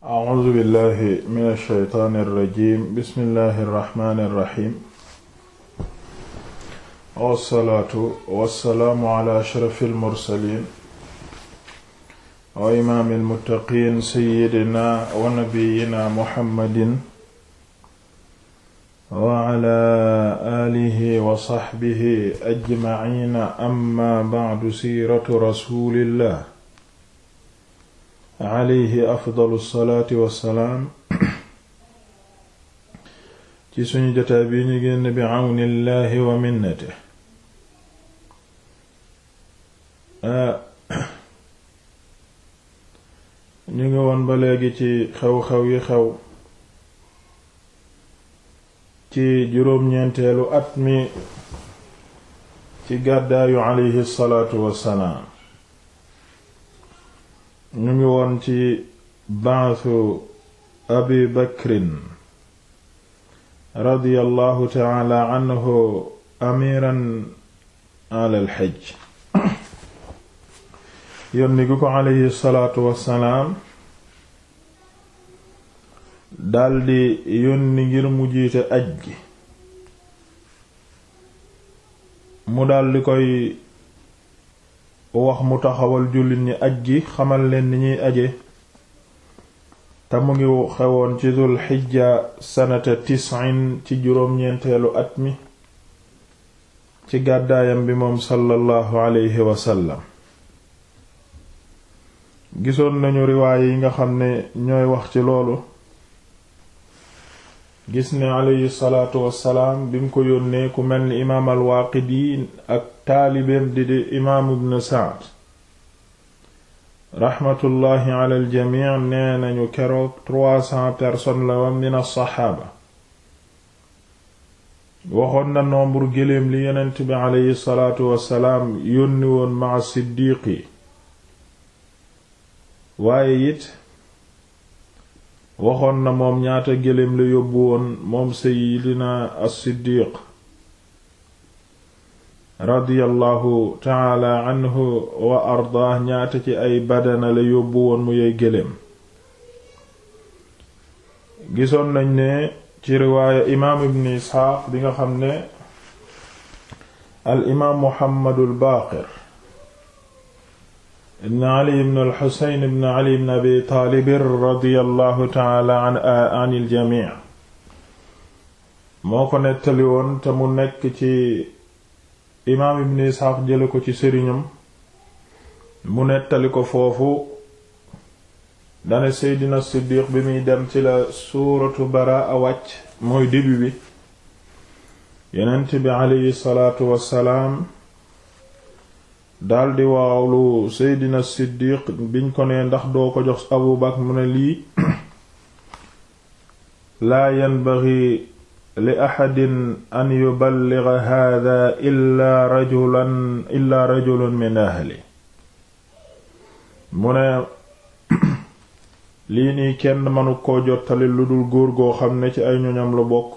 A'uuzu billahi mina shaytaani rajiim bismillahi rahmaani rahiim. Wassalaatu wassalaamu alaa ashrafil mursaliin. wa imaamil muttaqiin sayyidinaa wa nabiyyinaa Muhammadin. wa alaa aalihi wa sahbihi ajma'iin amma ba'du siiratu rasuulillah. alayhi afdalu salaati salaam ci suñu jotaay bi ñu génn bi àwnillaahi wa minnate ñu ngi woon ba léegi ci xew-xew yi xew ci juróom-ñeenteelu at mi ci gàddaayu alayhi salaatu wassalaam ñu ngi woon ci ba'su abi bakrin radiyallahu ta'ala anhu amiran ala al yónni gu ko alayhi salaatu wassalaam daldi yónni ngir mu jiite aj gi mu daldi koy wax mu taxawal jullit ñi aj gi xamal leen ni ñuy aje te mu ngi xewoon ci dul xijja sanata tis'in ci juróom-ñeenteelu at mi ci gàddaayam bi moom sallallahu alayhi wasallam gisoon nañu riwaaye yi nga xam ne ñooy wax ci loolu gis ne alayhi salaatu wassalaam bim ko yónnee ku mel ni imaamal al-Waaqidi ak taalibeem di di imaam ibn Sa'd raxmatullaahi ala aljamic nee nañu keroog trois cents personnes la woon min as-saxaaba waxoon na nombre géléem li yonent bi aleyhi salaatu wassalaam yónni woon ma siddiqi waaye it waxoon na moom ñaata géléem la yóbbu woon moom seydina as-siddiq radiyallahu taala wa ardaah ñaata ci ay badana la yóbbu mu yey gëléem gisoon nañ ne ci riwaaya imaam ibn isxaaq bi nga xam ne al imaam muhammadul baaqir abi taalibin radiyallahu taala an an il jamii moo ko nettali woon te mu nekk ci imaam ibn Isxaaq jële ko ci sëriñam mu nettali ko foofu dane seydina siddiq bi muy dem ci la suuratu baraa wàcc mooy début bi yonent bi aleyhi salaatu wassalaam daldi waawlu seydina siddiq biñ ko nee ndax doo ko jox abu bakar mu ne lii laa yanbaghi li axadin an yuballiga hada illa rajulan min ahli mu ne lii nii kenn mënu ko jottali lu dul góor goo xam ne ci ay ñoñam la bokk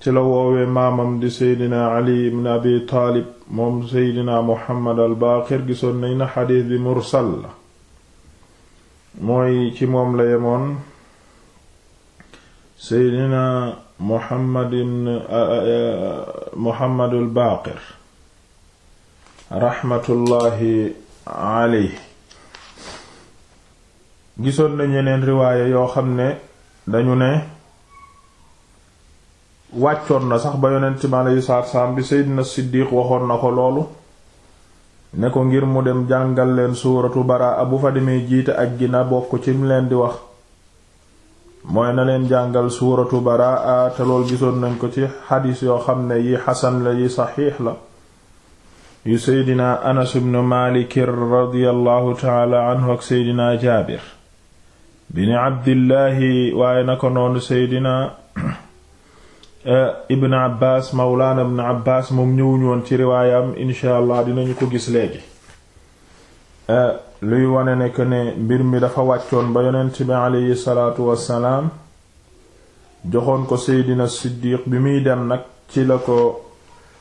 ci la woowee maamam di seydina ali ibn abi taalib moom seydina muhammad al baaqir gisoon nañ na xadiis bi mursal mooy ci moom la yemoon seydina Muhammad ibn Muhammadul Baaqir raxmatullaahi alayhi gisoon nañu yeneen riwaaye yoo xam ne dañu ne wàccoon na sax ba yonent mi alayhi salaatu saam bi Seydina Siddiq waxoon na ko loolu ne ko ngir mu dem jàngal leen suuratu baraa bu fa demee jiite ak gi bokk ci mu leen di wax mooy na leen jàngal suuratu baraa te lool gisoon nañ ko ci xadiis yoo xam ne yi xasan la yi saxiix la yu seydina anas ibnu maalikir radiyallahu taala anhu ak jaabir bini abdillahi waaye na ko noonu seydina eh, ibn abbaas mawlaana ibn abbaas moom ñëwuñu woon ci riwaayam insha allah dinañu ko gis léegi eh, luy wane ne que ne mbir mi dafa wàccoon ba yonent bi aleyhi salaatu joxoon ko seydina siddiq bi muy dem nag ci la ko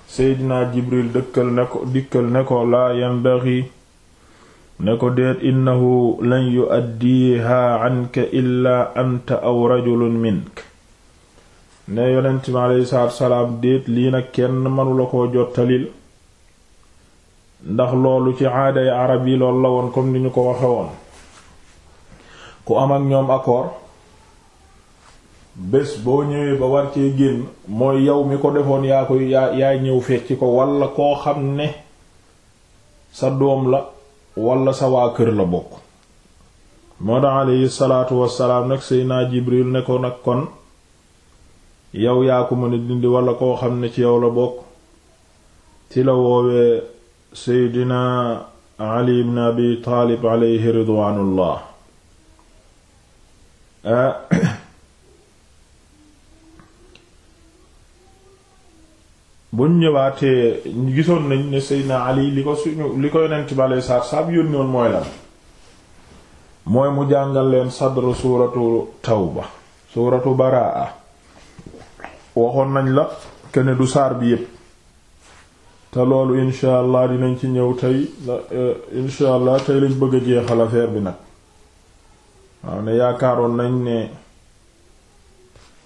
seydina jibril dëkkal ne ko dikkal ne ko laa yanbaghi ne ko déet innahu lan yuaddiha anka illaa anta aw rajulun mink ne yonent bi aleyhi salaatu déet lii nag kenn mënula ko jottalil ndax loolu ci aaday arab yi loolu la woon comme ni ñu ko waxe woon ku am ak ñoom accord bés boo ñëwee ba war cee génn mooy yow mi ko defoon yaa koy yaa yaay ñëw fecc ko walla koo xam ne sa doom la walla sa waa kër la bokk moo tax alayhi salaatu wassalaam nag Seydina Jibril ne ko nag kon yow yaa ko mën a dindi walla koo xam ne ci yow la bokk ci la woowee seydina ali ibn abi taalib aleyhi ridwaanullah ah, buñ ñëwaatee gisoon nañ ne seydina ali li ko suñu li ko yonent bi aleyhi salaatu salaam yónni woon mooy lan mooy mu jàngal leen sadru suuratu tawba suuratu baraa waxoon nañ la kenn du saar bi yépp te loolu incha allah dinañ ci ñëw tey euh, incha allah tey lañ bëgg a jeexal affaire bi nag waaw ne yaakaaroon nañ ne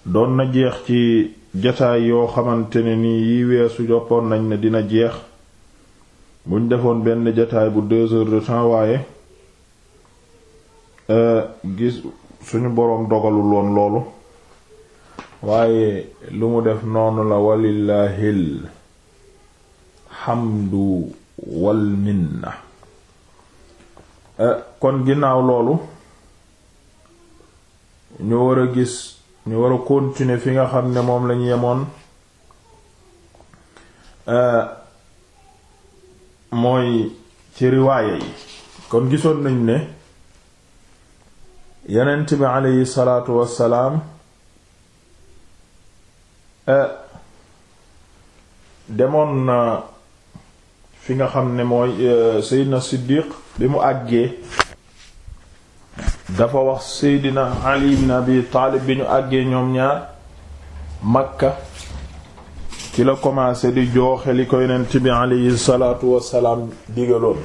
doon na jeex ci jataay yoo xamante ne nii weer su joppoon nañ ne dina jeex buñ defoon benn jataay bu deux heures de temps waaye euh, gis suñu boroom dogalul woon loolu waaye lu mu def noonu la walillahil alhamdu wal minna eh, kon ginnaaw loolu ñu war a gis ñu war a continuer fi nga xam ne moom lañu yemoon eh, mooy ci riwaaya yi kon gisoon nañ ne yeneent bi aleyhi salaatu wassalaam eh, demoon na fi nga xam ne mooy euh, Seydina Siddiq bi mu àggee dafa wax Seydina Ali ibn Abi Taalib bi ñu àggee ñoom ñaar Makka ci la commencé di jooxe li ko yonent bi alayhi salaatu wassalaam digaloon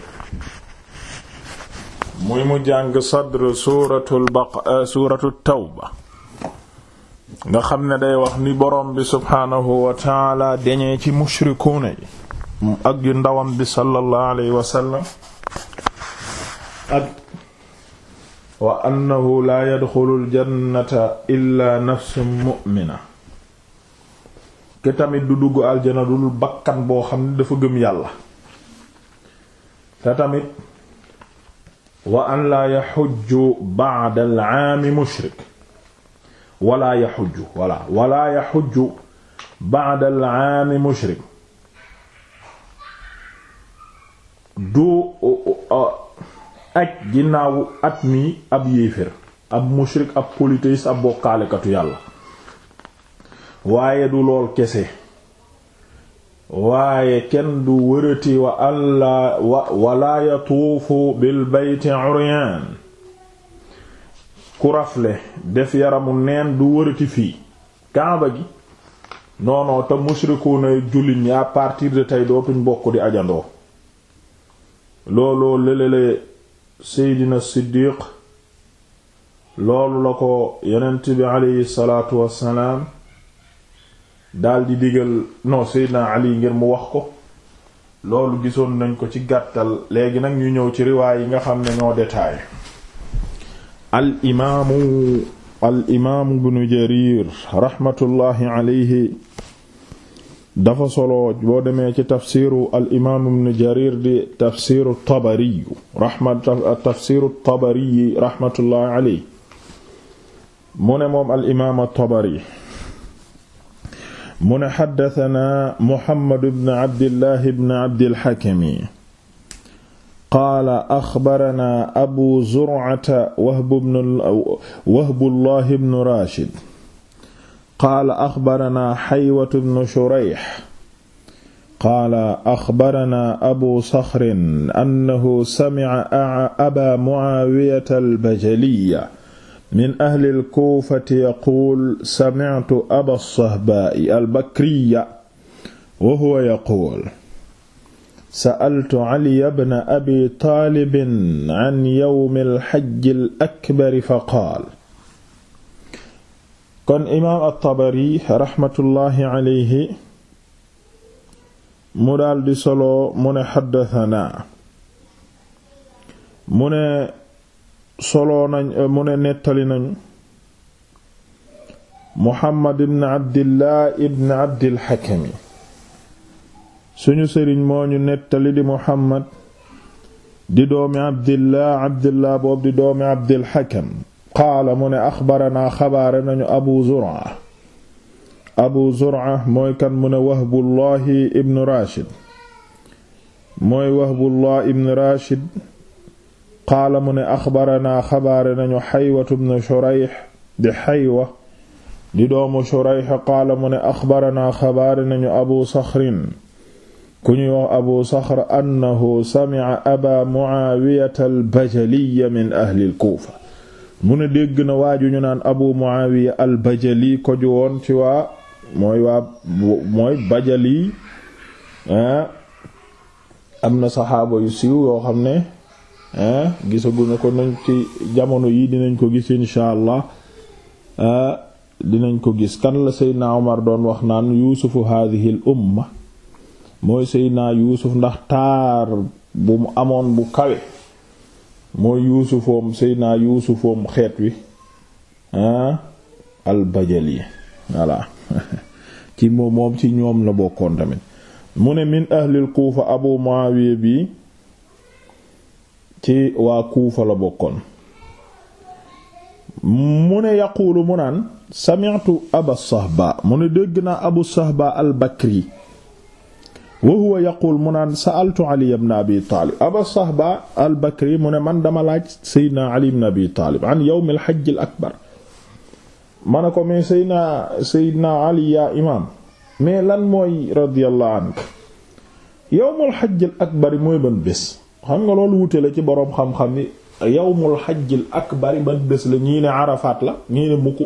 muy mu jàng sadr suuratul baq euh, suuratu tawba nga xam ne day wax ni borom bi subhaanahu wa taala deñee ci mushrikuuna yi ak yu ndawam bi sallallahu alayhi wa sallam ak wa annahu laa yadxulul jannata illaa nafsun mu'mina ke tamit du dugg aljana dul bakkan boo xam ne dafa gëm yàlla te tamit wa an laa yaxujju aami mushrik wala yaxujju wala aami mushrik du aj ginnaawu at mi ab yéefér ab mushrik ab polythéiste ab bokkaalekatu yàlla waaye du lool kese waaye kenn du wërati wa alla wala yatuufu bil bayti uryan ku rafle def yaramu neen du wërati fii kaaba gi noonoo te mushrikuuna jullit ñi à partir de tey dootuñ bokk di ajandoo looloo lelele seydina siddiq loolu la ko yonent bi aleyhi salaatu wassalaam daldi digal non seydina ali ngir mu wax ko loolu gisoon nañ ko ci gàttal léegi nag ñu ñëw ci riwaay yi nga xam ne ñoo détaillé al imaamu al jarir raxmatullaahi aleyhi dafa solo boo demee ci tafsiru al imaam ibn jarir di tafsiru tabari rahmat tafsiru tabari rahmatullahi alayhi mu ne moom al imaam tabari mu ne xaddatana muhammad ibn abdillah ibn abdil hakimi qaala axbarana abu zur'ata wahbu ibn wahbullah ibn rashid qaala axbaranaa xaywatu bnu shurayx qaala axbaranaa abu saxrin annahu samica abaa mucaawiyata albajaliya min ahli lkuufati yaquul samictu aba sahbaa'i albakriya wa huwa yaquul sa'altu caliya bna abi taalibin can yawmi alxajji alakbari fa qaal kon imaam at-Tabari raxmatullaahi alayhi mu daldi solo mu ne xaddatanaa mu ne soloo nañ mu ne nettali nañu Muhammad ibn Abdillah ibn Abdil Hakami suñu sëriñ moo ñu nettali di Muhammad di doomi Abdillah Abdillah boobu di doomi Abdil qaala mu ne axbaranaa xabaare nañu abu zur'a abu zur'a mooy kan mu ne wahbullahi ibnu rashid mooy wahbullah ibn rashid qaala mu ne axbaranaa xabaare nañu xaywatu bnu shurayx di xaywa di doomu shurayx qaala mu ne axbaranaa xabaare nañu abu saxrin ku ñuy wax abu saxr annahu sami'a aba muaawiyata albajaliya min ahli alkuufa mu ne dégg na waaju ñu naan abu muawiya al bajali koju woon ci waa mooy waa mooy bajali am na saxaaba yu siiw yoo xam ne gisaguñu ko nañ ci jamono yi dinañ ko gis insha allah ah, dinañ ko gis kan la seydna omar doon wax naan yuusufu hadhihi al umma mooy seydna yuusuf ndax taar bu mu amoon bu kawe mooy yuusufoom seydinaa yuusufoom xeet wi yi ah, voilà kii moom moom ci ñoom la bokkoon tamit mu ne min ahlil kuufa abu muawiya bi ci waa kuufa la bokkoon mu ne yaquulu mu naan sami'tu aba sahba mu ne dégg naa abu sahba albakri wa huwa yaqul mu naan sa'altu Ali ibn Abi Taalib aba sahba al Bakri mu ne man dama laaj Seydina Ali ibn Abi Taalib an yawm al hajj al ne ko mais Seydina Seydina Ali mais lan mooy radiyallahu anhu yawmul mooy ban bés xam nga loolu wute la ci boroom xam-xam yow mu hajj al akbar ban la ñii ne la ñii ne mukku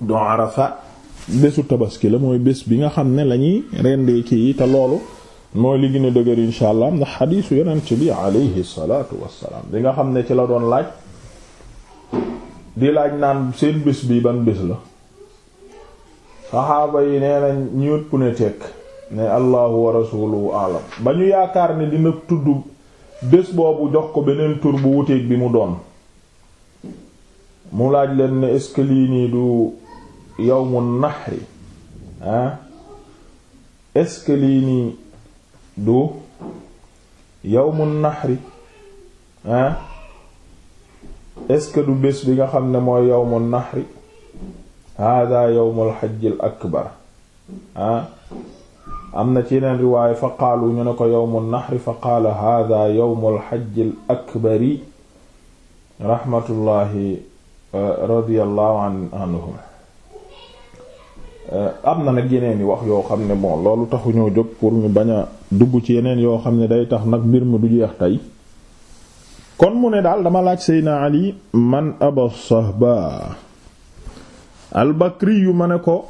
do bésu tabaski la mooy bés bi nga xam ne lañuy ñuy rendee yi te loolu mooy li gën a dëgër insha allah ndax xadiisu yonent bi alayhi salaatu wassalaam bi nga xam ne ci la doon laaj di laaj naan seen bés bi ban bés la saxaaba yi nee na ñëpp ne tekk ne allahu wa rasuluhu alam ba ñu yaakaar ne dina tudd bés boobu jox ko beneen tur bu wuteeg bi mu doon mu laaj leen ne est yawmu nahri ah est-ce que lii nii du yawmu nahri ah est-ce que du bés bi nga xam ne mooy yawmu nahri hada yawmul hajjil akbar ah am na ci yeneen riwaaya fa qaalu ñu ne ko yawmu nahri fa qaala hada yawmul hajjil akbari rahmatullahi eh, radiyallahu anhum Euh, am na nag yeneen yi wax yoo xam ne bon loolu taxu ñoo jóg pour ñu bañ a dugg ci yeneen yoo xam ne day tax nag mbir mi du jeex tey kon mu ne daal dama laaj Seydina Ali man aba sahba albakri yu ma ne ko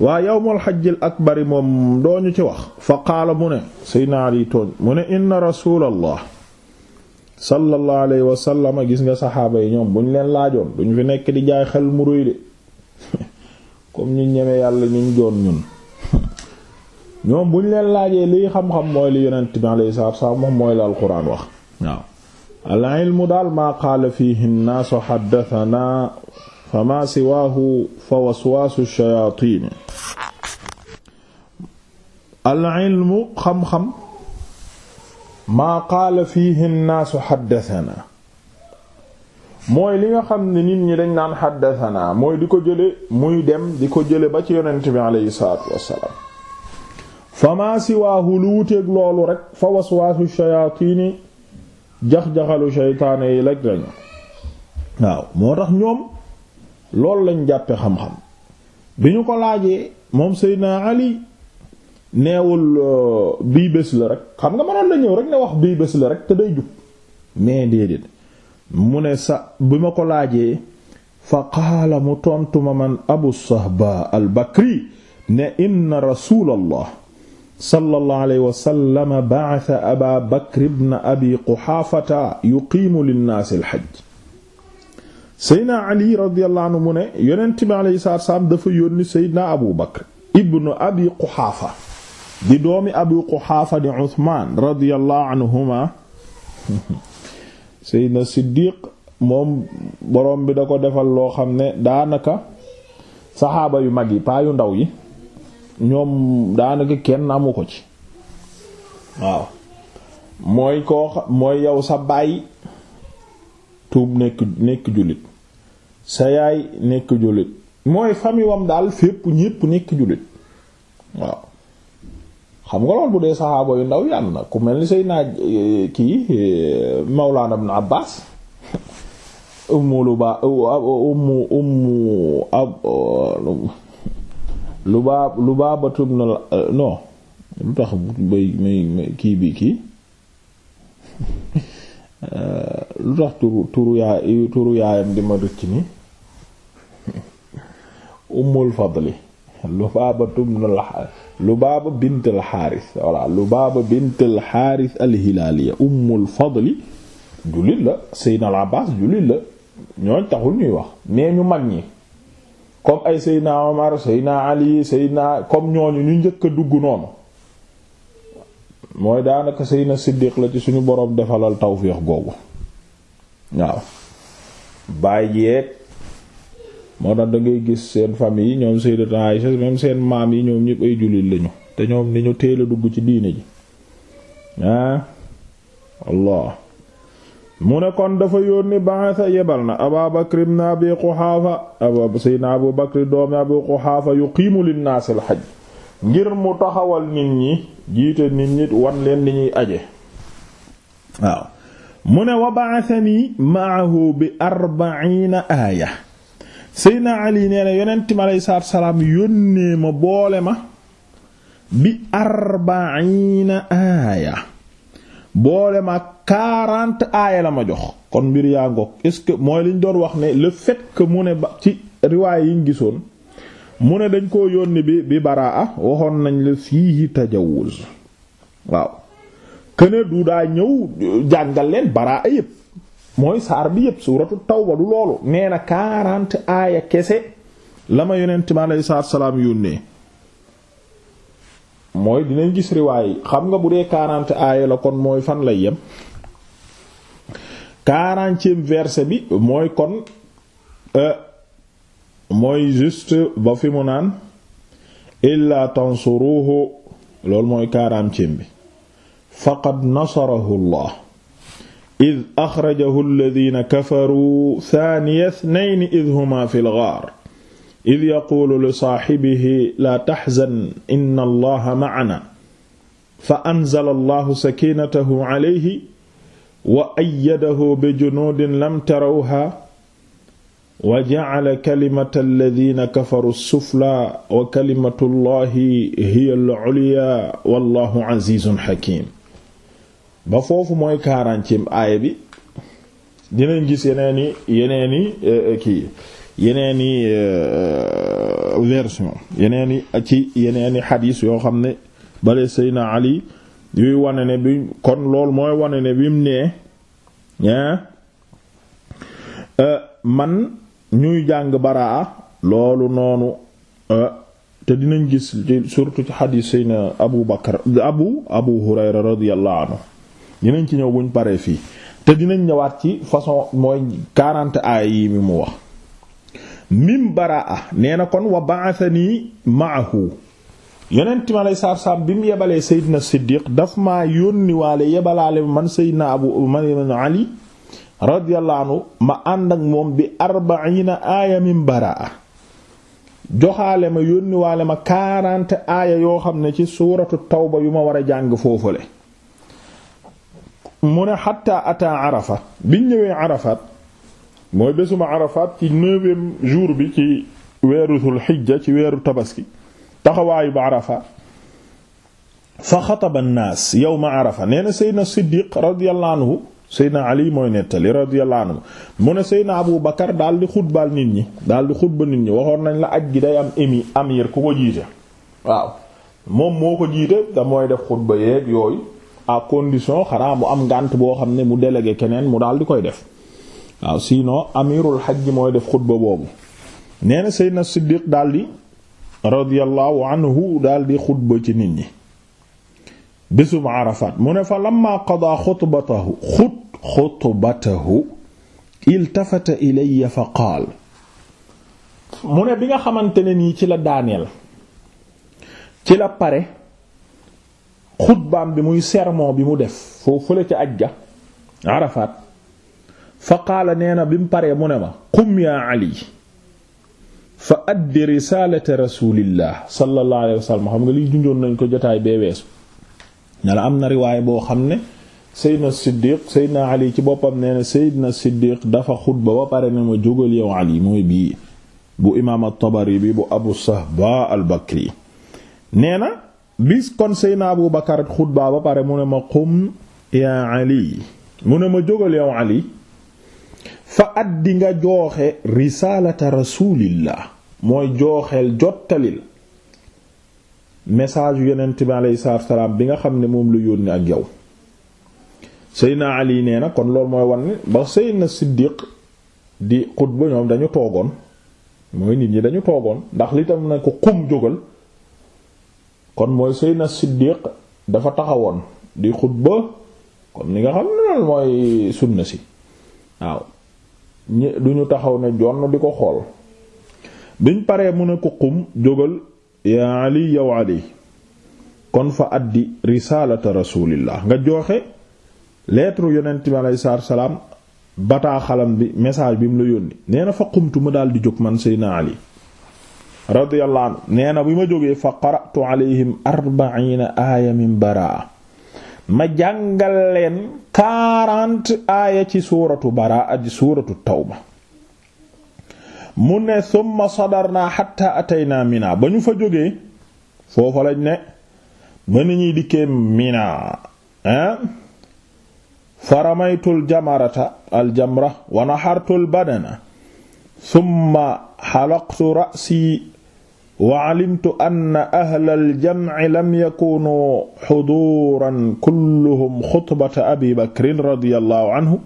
waa yawmul xajjil akbari moom doo ñu ci wax fa qaala mu ne Seydina Ali tooñ mu ne inna rasulallah sallallahu alayhi wa sallam gis nga saxaaba yi ñoom buñ leen laajoon duñ fi nekk di jaay xel mu rëy de comme ñu ñeme yàlla ñuñ doon ñun ñoom bu ñu leen laajee liy xam-xam mooy li yonent bi alayhi salaatu moom mooy la alquran wax al ilmu daal maa qaala fiihi nnaasu xaddatanaa fa maa siwaahu fa waswaasu shayaatiini al ilmu xam-xam maa qaala fiihi nnaasu xaddatanaa mooy li nga xam ne nit ñi dañ naan xaddasanaa mooy di ko jële muy dem di ko jële ba ci yonent bi aleyhi salaatu wassalaam famaa siwaahu lu wuteeg loolu rek fa waswaasu shayaatiini jax-jaxalu sheytaane yi laj lañu waaw moo tax ñoom loolu lañ jàppe xam-xam bi ñu ko laajee moom Seydina Ali neewul euh, bii bés la rek xam nga mënoon la ñëw rek ne wax bii bés la rek te day jub mais déedéet mu ne sa bi ma ko laajee fa qaala mu tontu ma man abu sahba al bakri ne inna rasulallah sallallahu alayhi wa sallam ba'atha aba bakr ibn abi quhaafata yuqiimu linnaasi al hajj seydna ali radiyallahu anhu mu ne yonent bi alayhi salaatu salaam dafa yónni seydna abu bakr ibn abi quhaafa di doomi abi quhaafa di uthman radiyallahu anhuma Seydina Siddiq moom borom bi da ko defal loo xam ne daanaka saxaaba yu mag yi paa yu ndaw yi ñoom daanaka kenn amu ko ci waaw mooy koo mooy yow sa baay tuub nekk nekk jullit sa yaay nekk jullit mooy famille wam daal fépp ñépp nekk jullit waaw xam nga lool bu dee saxaaba yu ndaw yàlla na ku mel ni say naaj eh, kii eh, Mawlana ibn Abbas ummu lu eh, lu baa lu baa batub na non lu tax bay may kii bi kii lu tax turu turu yaayam di ma rëcc ni ummul fadli Lubaaba ibnul Lubaaba bintul Xaaris voilà Lubaaba bintul Xaaris al-Hilaaliya ummul fadli jullit la Seydina al jullit la ñooñ taxul ñuy wax mais ñu mag ñi comme ay Seydina Omar Seydina Ali Seydina comme ñooñu ñu njëkk a dugg noonu mooy daanaka Seydina Siddiq la ci suñu boroom defalal tawfiix googu waaw bàyyeek moo tax da ngay gis seen famille yi ñoom Sayyidatu Aisha seen maam yi ñoom ñëpp ay jullit lañu te ñoom ni ñu teel a dugg ci diine ji ah, Allah mu ne kon dafa yónni ba'atha yebal na Abaa Bakr ibn Abi Quhaafa aba Sayyidina Abu ngir mu taxawal nit ñi jiite nit ñi wan leen ni ñuy aje waaw mu ne wa ba'athani ma'ahu bi arba'iina aaya Seydina Ali nee na yonent mi aleyhi salaatu salaam yónnee ma boole ma bi arbaina aaya boole ma quarante aaya la ma jox kon mbir yaa ngoog est mooy liñ doon wax ne le fait mu ne ba ci riwaay yiñ gisoon mu ne dañ koo yónni bi bi baraa waxoon nañ la fiihi tajawuz waaw këne du daa ñëw jàngal leen baraa yépp mooy saar bi yëpp suuratu tawba du loolu nee na quarante aaya kese la ma yonent mi aleyhi salaatu salaam yónnee mooy dinañ gis riwaay xam nga bu dee quarante aaya la kon mooy fan lay yem quarantième verset bi mooy kon euh, mooy juste ba fi mu naan illaa tansuruhu loolu mooy quarantième bi faqad nasarahu Allah id axrajahu alladina kafaru thaniya ithnayni id huma fi lgaar id yaquulu li saaxibihi laa taxzan inna allaha macana fa anzala allahu sakiinatahu alayhi wa ayyadahu bi junuudin lam tarawha wa jacala kalimata alladina kafaru sufla wa kalimatu allahi hiya al-culyaa wallahu casiizun xakiim ba foofu mooy quarantième aaya bi dinañ gis yeneeni yeneeni euh, kii yeneeni euh, version yeneeni ci yeneeni xadiis yoo xam ne bale Seydina Ali yuy wane ne bi kon loolu mooy wane ne bi mu nee euh, man ñuy jàng baraa loolu noonu te dinañ gis surtout ci xadiis Seydina Abu Bakar Abu Abu Hurayra radiyallahu anhu dinañ ci ñëw buñ paree fii te dinañ ñëwaat ci façon mooy 40 aaya yi mi mu wax mim baraa na kon wa ba'athani ma'ahu yonent mi alay saab saab bi yebalee seyd na daf dafa ma waale yebalaale man Seydina Abu man Ali radiyallahu anhu ma ànd ak moom bi arbaina aaya min joxaale ma yónni waale ma 40 aaya yoo xam ne ci suuratu tawba yu ma war a jàng foofale mu ne xatta ata arafa biñ ñëwee arafaat mooy bésuma arafaat ci neuvième jour bi ci weeru sul xijja ci weeru tabaski taxawaayu ba arafa fa xataba an-naas yawma arafa nee na seydna siddiq radiyallahu anhu seydna ali mooy nettali radiyallahu anhu mu ne seydna abu bakar dal di xutbaal nit ñi daal di xutba nit ñi waxoon nañ la ak gi day am amir ku ko jiite waaw moom moo ko jiite da mooy def xutba yeeg yooyu à condition xanaa mu am ngànt boo xam ne mu délégué keneen mu daal di koy def waaw sinon amirul hajj mooy def xutba boobu nee na Seydina Siddiq daal di radiyallahu xutba ci nit ñi bésub Arafat mu ne fa lamma qada xutbatahu xut xutbatahu iltafata ilayya fa qaal mu ne bi nga xamante ne nii ci la daaneel ci la pare xutbaam bi muy sermon bi mu def foofu fële ca ajja Arafat fa qaala nee bi mu paree mu ne ma qum yaa Ali fa addi risalata rasulillah sallallahu alayhi wa sallam xam nga liy junjoon nañ ko jotaay bee weesu ne am na riwaay boo xam ne Seydina Siddiq Seydina Ali ci boppam nee na Seydina Siddiq dafa xutba ba pare ne ma jógal yow Ali mooy bii bu imaam at bi bu Abu Sahba al-Bakri nee bis kon seyna Abu Bakar xutbaa ba pare mu ne ma qum yaa Ali mu ne ma jógal yow Ali fa di nga jooxe risaalata rasulillah mooy jooxeel jottalil message yu yonent bi aleyhi salaam bi nga xam ne moom la yónni ak yow seyna Ali nee na kon loolu mooy wan ba seyna Siddiq di xutba ñoom dañu toogoon mooy nit ñi dañu toogoon ndax li tam na ko qum jógal kon mooy Seydina Siddiq dafa taxawoon di xutba comme ni nga xam ne loolu mooy sunna si waaw ñi ñu taxaw ne jonn di ko xool biñ paree mu ne ko qum jógal yaa Ali yow Ali kon fa addi risaalata rasulillah nga jooxe lettre yonent bi alayhi salaam bataaxalam bi message bi mu la yónni nee na fa qumtu mu daal di jóg man Seydina Ali radiyallahu anhu nee bi ma jógee fa qara'tu alayhim arbaina min baraa ma jàngal leen ci suuratu baraa ci suuratu tawba mu ne summa sadarnaa xatta ataynaa mina ba ñu fa jógee foofa lañ ne ba ni ñuy dikkee mina ah fa ramaytul jamarata aljamra wa naxartul badana summa xalaqtu ra'si wa alimtu anna ahla aljamci lam yakunuu xuduuran kulluhum xutbata abi bakrin radiyallahu anhu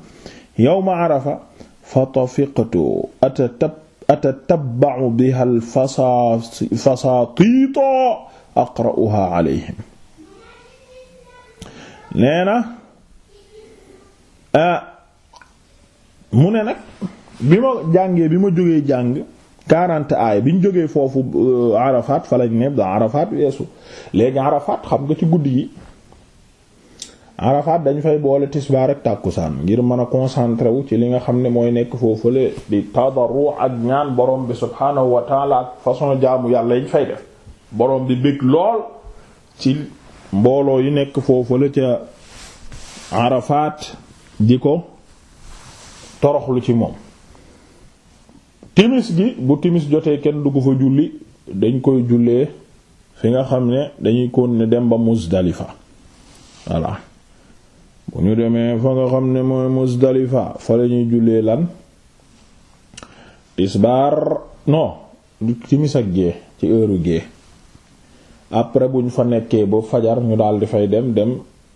yawma arafa fatafiqtu atatabbacu biha alfasaatiita aqra'uha calayhim nee na ah, mu ne nag bi ma jàngee bi ma jógee jàng quarante aaya bi ñu jógee foofu euh, Arafat fa lañ ne da Arafat weesu léegi Arafat xam nga ci guddi yi Arafat dañ fay boole tisbaar ak tàkkusaan ngir mën a concentré wu ci li nga xam ne mooy nekk foofule di tadarru ak ñaan borom bi subhaanahu wa taala ak façon jaamu yàlla yi ñu fay def borom bi bëgg lool ci mbooloo yi nekk foofule ca Arafat di ko toroxlu ci moom. timis gi bu timis jotee kenn du ko fa julli dañ koy jullee fi nga xam ne dañuy kon ne dem ba Muzdalifa voilà bu ñu demee fa nga xam ne mooy Muzdalifa fa lañuy jullee lan isbaar no timis ak gée ci heure gée après bu ñu fa nekkee ba fajar ñu daal di fay dem dem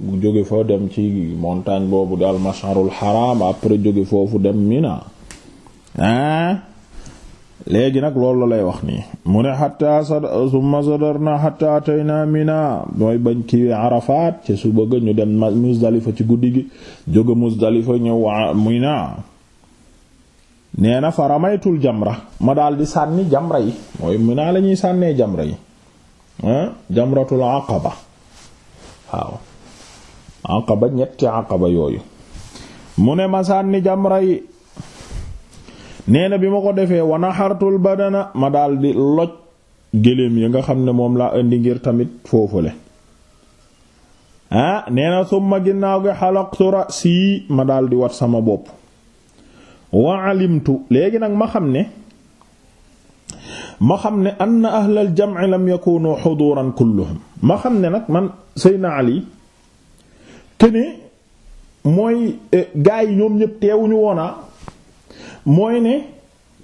bu jóge fa dem ci montagne boobu daal masharul haram après jóge foofu dem Mina ah léegi nag loolu lay wax nii mu ne xataa summa sadarna xataa naa miina mooy bañ kiiwee Arafat ci su bëgg ñu dem Muzdalifa ci guddi gi jóge Muzdalifa ñëw Mina nee na fa ramaytul jamra ma daal di sànni jamra yi mooy Mina la ñuy sànnee jamra yi jamratul aqaba waaw aqaba ñetti aqaba yooyu mu ne ma sànni jamra yi nee na bi ma ko defee wana wanaxartul badana ma daldi loj géléem yi nga xam ne moom laa indi ngir tamit foofu ah nee na summa ginnaaw gi xalaqtu rasi ma daldi wat sama bopp wa alimtu léegi nag ma xam ne ma xam ne anna ahlal jam'i lam yakunu xuduran kulluhum ma xam ne nag man Seydina Ali kene mooy eh, gaay ñoom ñépp teewuñu woona mooy ne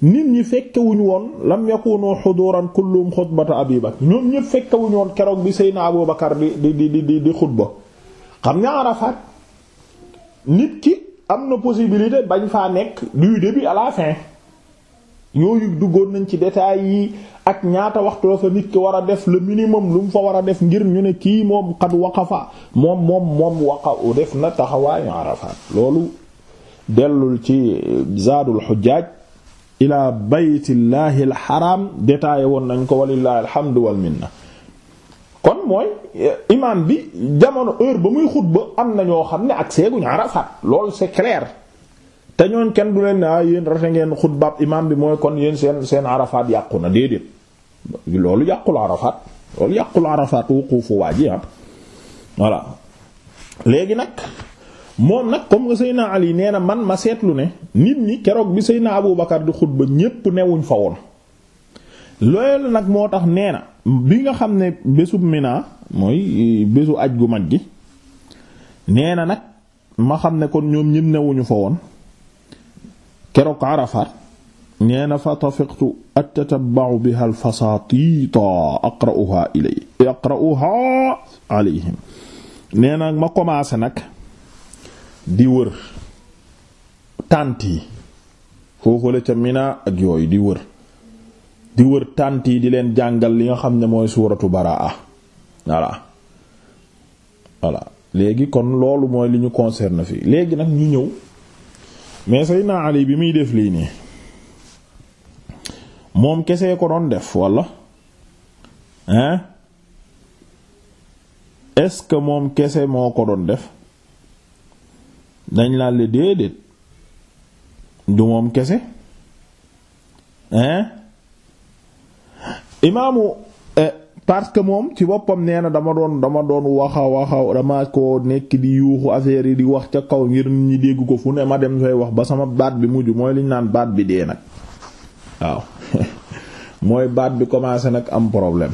nit ñi fekkewuñu woon lam yakunu xuduran kullum xutbata Abi Bakr ñoom ñëpp fekkewuñu woon keroog bi Seydina naa Bakar di di di di di xutba xam nga Arafat nit ki am na possibilité bañ faa nekk du début à la yooyu duggoon nañ ci détails yi ak ñaata waxtu la fa nit ki war a def le minimum lu mu fa war a def ngir ñu ne kii moom xat waqafa moom moom moom waqa def na taxawaayu Arafat loolu dellul ci zaadul xujjaaj ila baytillahi alxaram détaillé woon nañ ko walillahi alhamdu wal minna kon mooy eh, imaam bi jamono heure ba muy xutba am na ñoo xam ne ak seeguñ Arafat loolu c'est clair te ñooñ kenn du leen ne ah yéen rafet ngeen xutbaab imaam bi mooy kon yéen seen seen Arafat yàqu na loolu yàqul Arafat loolu yàqul Arafat wuquufu waa ji ah voilà nag. moom nag comme nga Seydina Ali nee na man ma seetlu ne nit ñi keroog bi Seydina Abu Bakar di xutba ñépp newuñ fa woon loolu nag moo tax nee na bi nga xam ne bésub Mina mooy bésu aj gu mag gi nee na nag ma xam ne kon ñoom ñépp newuñu fa woon keroog Arafat nee na fa tafiqtu atatabba'u biha al-fasatita aqra'uha ilay aqra'uha alayhim nee na ma commencé nag di wër tànt yi foofu la ca Mina ak yooyu di wër di wër tànt yi di leen jàngal li nga xam ne mooy suuratu baraa voilà voilà léegi kon loolu mooy li ñu concerne fii léegi nag ñu ñëw mais Seydina Ali bi muy def lii nii moom kese ko doon def walla hein est-ce que moom kese moo ko doon def dañ laal le déedéet du moom kese hein imaamu eh, parce que moom ci boppam nee na dama doon dama doon waxa waxa dama ko nekk di yuuxu affaire yi di wax ca kaw ngir ñi dégg ko fu ne ma dem fay wax ba sama baat bi mujj mooy liñ naan baat bi dee nag waaw mooy baat bi commencé nag am problème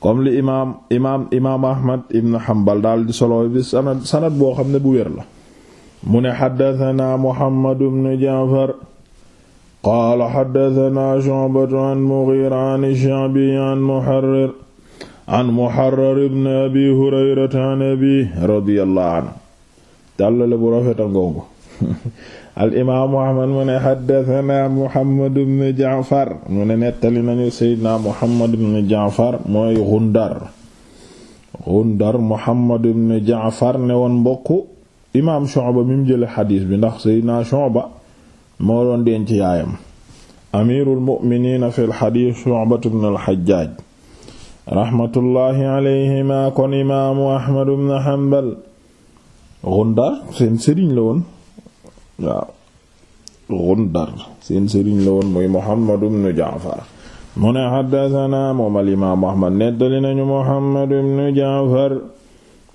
comme li imaam imaam imaam Ahmad ibn Hanbal daal di solo bi sanad sanad boo xam ne bu wér la mu ne xaddatanaa mohammadu bnu jaafar qaala xaddatanaa shubatu an mughira an shaabi an muharrir an muharrar ibn abi hurayrata an abi radiyallahu anhu tàllale bu rafet a ngongu al imaamu ahmad mu ne xaddatanaa mohammadu bnu jaafar mu ne nettali nañu seydna mohammadu bnu jaafar mooy gundar gundar mohammadu bnu jaafar ne woon mbokk imaam Shu'ba mi mu jële xadiis bi ndax Seydina Shu'ba moo doon denc yaayam amirul mu'miniina fil xadiis Shu'ba ibn al raxmatullaahi alayhima kon imaamu Ahmad ibn Hanbal Gundar seen sëriñ la woon waaw Gundar seen sëriñ la woon muy Muhammad ibn Ja'far mu ne xaddasanaa moom al imaamu Ahmad nettali nañu Muhammad ibn Ja'far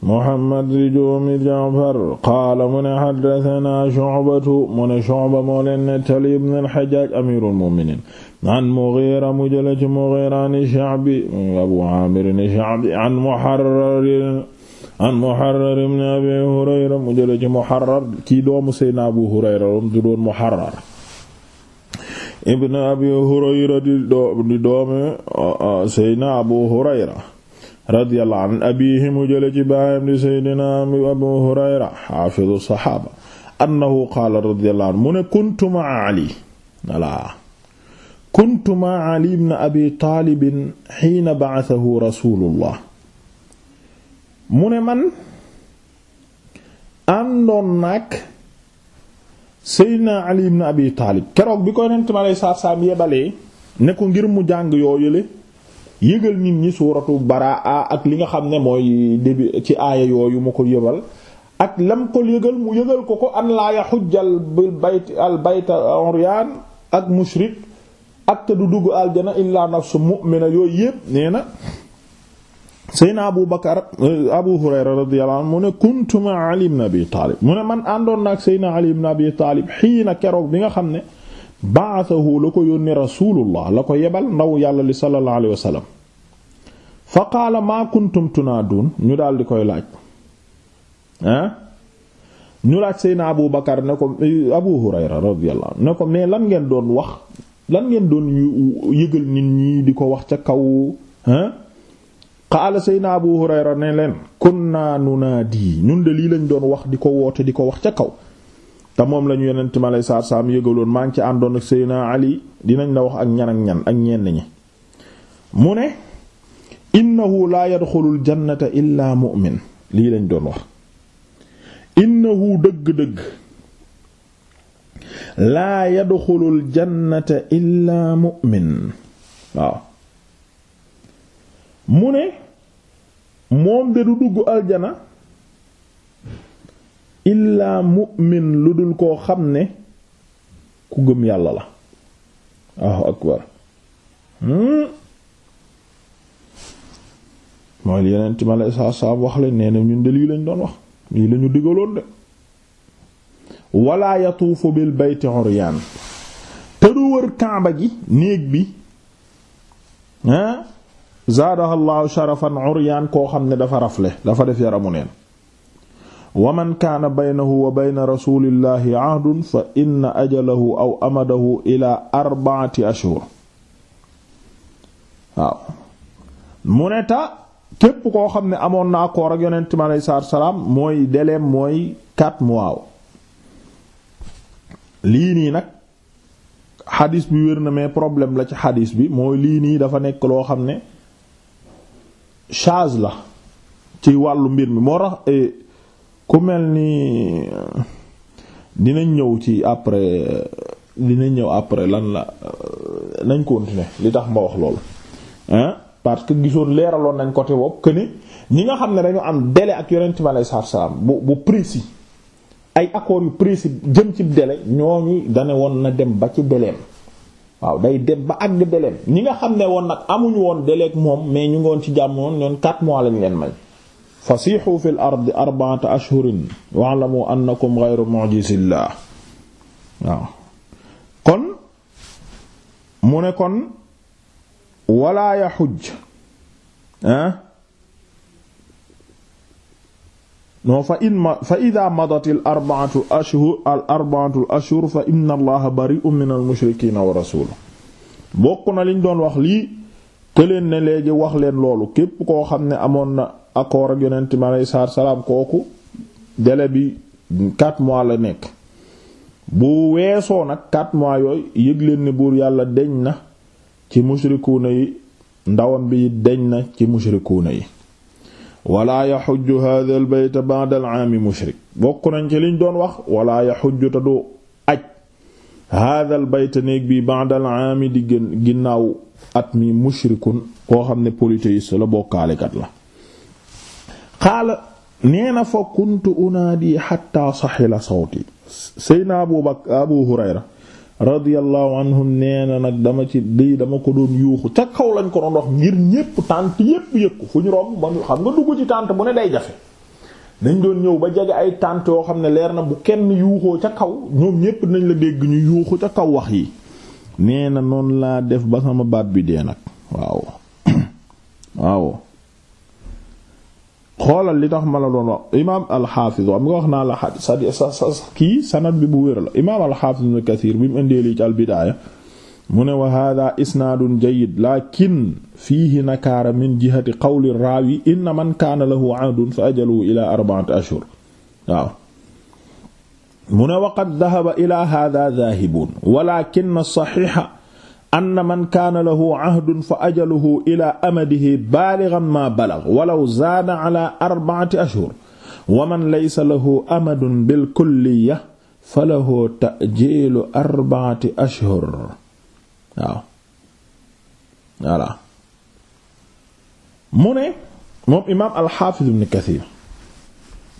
Muhammad di doomi Ja'far qaala mu ne haddasanaa Shu'batu mu ne Shu'ba moo leen nettali ibn al-Hajjaaj amiirul mu'miniin an Mughiira mu jële ci Mughiira an Sha'bi Abu Aamir an Sha'bi an Muharrar an Muharrar ibn Abi Hurayra mu jële ci Muharrar kii doomu Seydina Abu Hurayra doom du doon Muharrar ibn Abi Hurayra di doomi uh, uh, Seydina Abu Hurayra radiyallahu an abihi mu jële ci baayam di seydina abu hurayra xaafidu saxaaba annahu qaala radiyallahu an mu ne kuntu ma'a ali wala kuntu ma'a ali ibn abi taalibin xiina ba'athahu rasulullah mu ne man àndoon nag seydina ali ibn abi taalib keroog bi koy nent ma lay saar saam yebalee ne ko ngir mu jàng yooyule yëgal nit ñi suuratu baraa ak li nga xam ne mooy début ci aaya yooyu mu ko yëbal ak lam ko yëgal mu yëgal ko ko an laa yaxujjal bil bayt al bayta uryaan ak mushrik ak te du dugg aljana illa nafsu mu'mina yooyu yépp nee na seyna abu bakar abu hurayra radiyallahu anhu mu ne kuntu ali ibn abi taalib mu ne man àndoon na ak seyna ali ibn abi taalib xiina keroog bi nga xam ne ba'athahu la ko yónni rasulullah la ko yebal ndaw yàlla li sallallahu alayhi wa sallam fa qaala maa ñu daal di koy laaj ah ñu laaj seyna abu bakar ne ko abu hurayra radiyallahu ne ko mais lan ngeen doon wax lan ngeen doon yëgal nit ñi di ko wax ca kaw ah qaala seyna abu hurayra ne leen kunna nunaadi ñun de lii lañ doon wax di ko woote di ko wax ca kaw te moom la ñu yonent mi alayhi salaatu salaam yëgaloon maa àndoon ak Seydina Ali dinañ la wax ak ñan ak ñan ak ñenn ñi mu ne innahu laa yadxulul jannata illaa mu'min lii lañ doon wax innahu dëgg-dëgg laa yadxulul jannata illaa mu'min waaw mu ne moom de du dugg aljana illaa mu'min lu dul koo xam ne ku gëm yàlla la waaw akbar hmm? mooy yeneen ci ma lay saa saa wax la nee na ñun de lii lañ doon wax lii lañu digaloon de wala yatuufu bil bayti uryaan te du wër kaaba gi néeg bi zaadahallahu sharafan uryaan koo xam ne dafa rafle dafa def yaramu neen wa man kaana baynahu wa bayna rasulillahi fa inna ajalahu aw amadahu ila arba'ati ashhur waaw mu ne ta képp koo xam ne amoon naa accord ak yonent mi aleyhi salaam mooy deleem mooy quatre mois lii nii nag xadis bi wér na mais problème la ci xadis bi mooy lii nii dafa nekk loo xam ne charge la ci wàllu mbir mi moo tax eh, ku mel nii dinañ ñëw ci après dinañ ñëw après lan la nañ continuer li tax ma wax lool hein parce que gisoon leeraloon nañ côté boobu que ni ñi nga xam ne dañu am délai ak yonent bi aleyhi salaatu salaam bu bu précis ay accords yu précis jëm ci délai ñooñu dane woon na dem ba ci délai waaw day dem ba àgg délai ñi nga xam ne woon nag amuñu woon dele ak moom mais ñu ngi woon ci jàmm woon ñoon 4 mois lañ leen may. fasiixu fil ardi arba'ata ashhurin wa'lamu annakum ghayru mu'jizillah waaw kon mu ne kon wala yaxujj ah non fa in ma fa idaa madat al ashhur fa inna allaha bari'un min al wa rasuuluhu bokk na liñ doon wax lii te ne léegi wax leen loolu képp koo xam ne amoon accord ak yonent mi aleyhi salaam kooku délai bi quatre mois la nekk bu weesoo nag quatre mois yooyu yëg leen ne buur yàlla deñ na ci mushrikuuna yi ndawam bi deñ na ci mushrikuuna yi wala yaxujju hadha al bayt ba'da al aami mushrik bokk nañ ci liñ doon wax wala yaxujju te du aj hadha al néeg bi ba'da al aami di gën ginnaaw at mi mushrikun koo xam ne polythéiste la bokkaalekat la xaala nee na fa kuntu unaadi xatta saxila sawti seydna abu bakr abu hurayra radiyallahu anhum nee na nag dama ci lii dama ko doon yuuxu ca kaw lañ ko doon wax ngir ñépp tànt yépp yëg ko fu ñu romb ba xam nga dugg ci tànt bu ne day jafe dañ doon ñëw ba jege ay tànt yoo xam ne leer na bu kenn yuuxoo ca kaw ñoom ñépp nañ la dégg ñu yuuxu ca kaw wax yi nee na noonu laa def ba sama baat bi dee nag waaw xoolal li tax ma la doon wax imaam alxaafiz am nga wax naa la xadis sa sa kii sanad bi bu wér la imaam alxaafiz ibn Kasiir bi mu indee lii ci albidaaya mu ne wa haadaa isnaadun jayyid laakin fiihi nakaara min jihati qawli raawi inna man kaana lahu ahdun fa ajaluhu ilaa arba'ati ashhur waaw mu ne wa qad dhahaba ilaa haadaa dhaahibuun walaakinna saxiixa anna man kaana lahu ahdun fa ajaluhu ila amadihi balighan ma balagh walaw zaada ala arba'ati ashhur wa man laysa lahu amadun bil kulliya falahu ta'jilu arba'ati ashhur waaw voilà mu ne moom imaam alxaafiz ibn kathir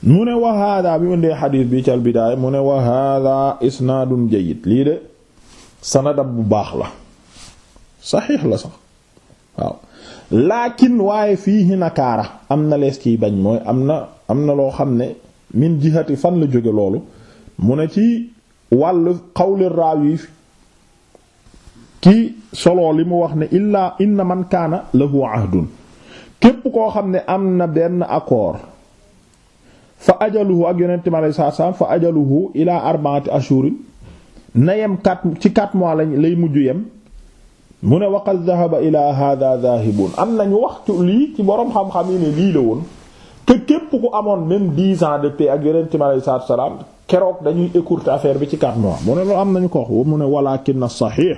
mu ne wa hada bi mu ndee xadiis bi ci albidaaya mu ne wa hada isnaadun jayyid lii de sanadam bu baax la saxiix la sax waaw laakin waaye fiihi nakaara am na lees ciy bañ mooy am na am na loo xam ne min jihati fan la jóge loolu mu ne ci wàllu xawli raawi ki solo li mu wax ne illaa inna man kaana lahu ahdun képp koo xam ne am na benn accord fa ajaluhu ak yonent mi alayhi salaatu salaam fa ilaa arba'ati ashhurin na yem quatre ci quatre mois lañ lay mujj yem mu ne waqad dhahaba ila hadha dhahibun am nañu wax ci lii ci boroom xam-xam yi ne lii la woon te képp ku amoon même dix ans de paix ak yonent mi alayhi salaatu salaam keroog dañuy écourter affaire bi ci quatre mois mu ne loolu am nañu ko wax mu ne walakin as-sahih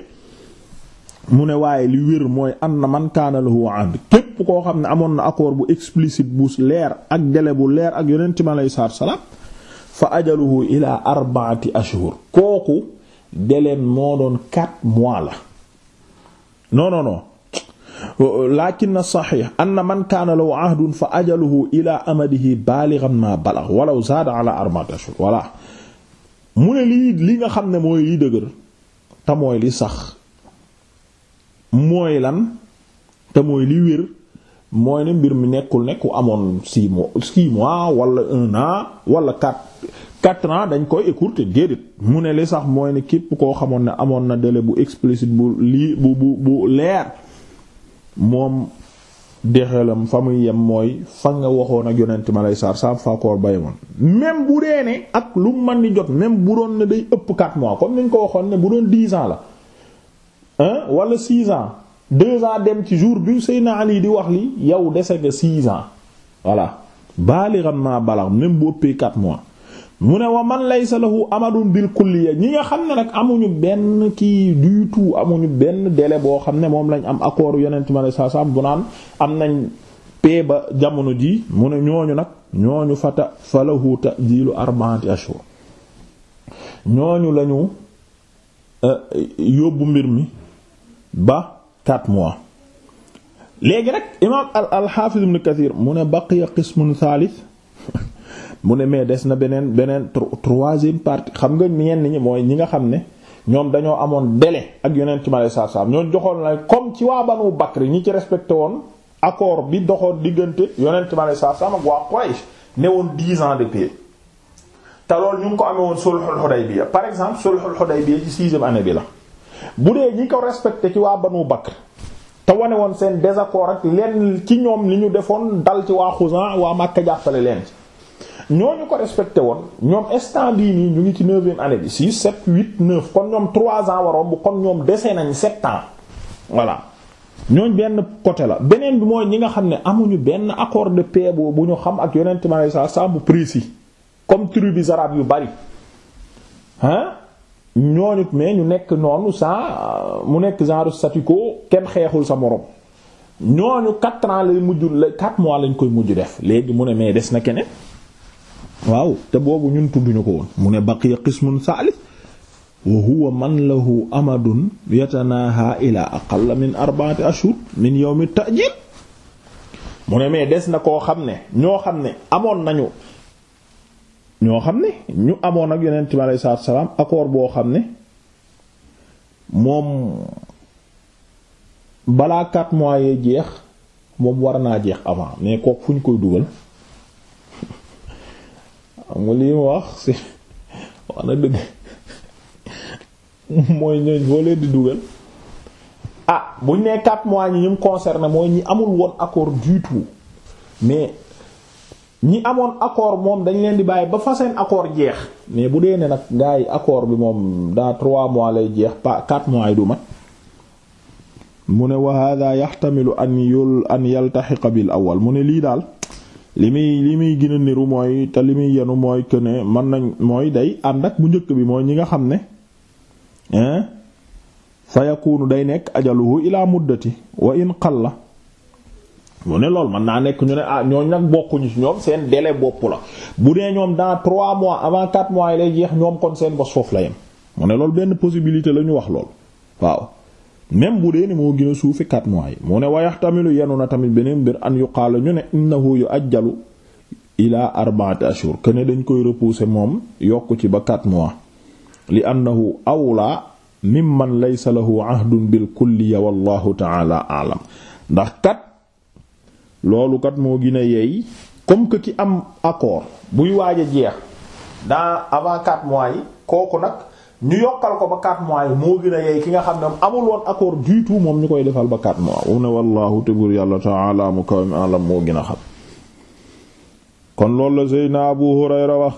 mu ne waaye li wér mooy an na man kaana lahu ahd képp koo xam ne amoon na accord bu explicite bu leer ak délai bu leer ak yonent mi alayhi salaatu salaam fa ajaluhu ila arba'ati ashhur kooku délai moo doon quatre mois la non non non lakin saxiix anna man kaana lahu ahdun fa ajaluhu ila amadihi balighan ma balagh walaw zaada ala arba'ati mu ne lii li nga xam ne mooy lii dëgër te mooy li sax mooy lan te mooy li wér mooy ne mbir mi nekkul ne ku amoon six mois six mois wala un an wala quatre quatre ans dañ koy écourter déedéet mu ne li sax mooy ne képp koo xamoon ne amoon na délai bu explicite bu lii bu bu bu leer moom dexelam fa muy yem mooy fa nga waxoon ak yonent ma lay saar saam faakoor bayamoon même bu dee ne ak lu mën di jot même bu doon ne day ëpp quatre mois comme dañ ko waxoon ne bu doon dix ans la hein wala six ans deux ans dem ci jour bi sëy naa lii di wax li yow dese nga six ans voilà baaliran ma balax même bu ëppee quatre mois mu ne wa man laysa lahu amadun bil kulliya ñi nga xam ne nag amuñu benn kii du tout amuñu benn délai boo xam ne moom lañ am yeneen ti ma ne sa saa bu naan am nañ pee ba jamono ji mu ne ñooñu nag ñooñu fata falahu ta'jilu arba'ati ashhur ñooñu lañu euh, yóbbu mbir mi ba 4 mois léegi rek imaam al al-Hafiz ibn Kathir mu ne baqiya qismun thalith mu ne mais des na beneen beneen troisième partie xam nga ñenn ñi mooy ñi nga xam ne ñoom dañoo amoon délai ak yonent ci alayhi salaatu salaam ñoo joxoon la comme ci waa Banu Bakr ñi ci respecté woon accord bi doxoon diggante yonent mi alayhi salaatu salaam ak waa Quraysh ne woon 10 ans de paix te lool ñu ngi ko amee woon bi Hudaybiya par exemple sulhul Hudaybiya ci sixième année bi la. bu dee ñi ko respecté ci waa Banu Bakr te wane woon seen désaccord ak lenn ci ñoom li ñu defoon dal ci waa Xuzan waa Makka jàppale leen ci ñooñu ko respecté woon ñoom instant bii nii ñu ngi ci neuvième année bi six sept huit neuf kon ñoom trois ans waroon bu kon ñoom dese nañ sept ans voilà ñooñ benn côté la beneen bi mooy ñi nga xam ne amuñu benn accord de paix bu ñu xam ak yonent ma sa sa bu précis comme tribu des arabes yu bari ñooñu mais ñu nekk noonu sans euh, mu nekk genre statu kenn xeexul sa morom ñooñu quatre ans lay mujj la quatre mois lañ koy mujj def léegi mu ne mais des na keneen waaw te boobu ñun tudduñu ko woon mu ne baqiya qismun saalis wa huwa man lahu amadun yatanaha ila aqall min arba'ati ashhur min mi ta'jil mu ne mais des na koo xam ne ñoo xam ne amoon nañu ñoo xam ne ñu amoon ak yeneen bi aleyhi salaatu wa salaam accord boo xam ne moom balaa quatre mois yee jeex moom war naa jeex avant mais kook fu ñu koy dugal mu lii mu wax si wax na dëgg mooy ñooñ foo leen di dugal ah buñ nee quatre mois ñi ñu concerné mooy ñi amul woon accord du tout mais ñi amoon accord moom dañ leen di bàyyi ba fa seen accord jeex mais bu dee ne nag gars yi bi moom daa trois mois lay jeex pas quatre mois yi du mat mu ne wa hada yaxtamilu an yul an awal mu ne lii daal li muy li muy gën niru mooy te li muy yenu mooy que mën nañ mooy day ànd ak bu njëkk bi mooy ñi nga xam ne fa yakunu day nekk ajaluhu ila muddati wa in qalla mu ne lool mën naa nekk ñu ne ah ñooñ nag bokkuñu ci ñoom seen délai bopp la bu dee ñoom daa trois mois avant quatre mois yi lay jeex ñoom kon seen bos foofu la yem mu ne loolu benn possibilité la ñu wax lool waaw même bu dee ni moo gën suufi quatre mois yi mu ne wayaxtamilu yenu na tamit beneen mbir an yuqaalu ñu ne innahu yu ajjalu ila arba'ati ashhur que ne dañ koy repousser moom yokk ci ba quatre mois li annahu awla man laysa lahu ahdun bil kulliya wallahu ta'ala a'lam ndax kat loolu kat moo gën a yeey comme que ki am accord buy waaj a jeex dans avant 4 mois yi kooku nag ñu yokkal ko ba 4 mois yi moo gën yeey ki nga xam ne amul woon accord du tout moom ñu koy defal ba 4 mois mu ne wallaahu tëbur yàlla ta'ala mu kaw alam moo gën xam kon loolu la Seydina Abu Hurayra wax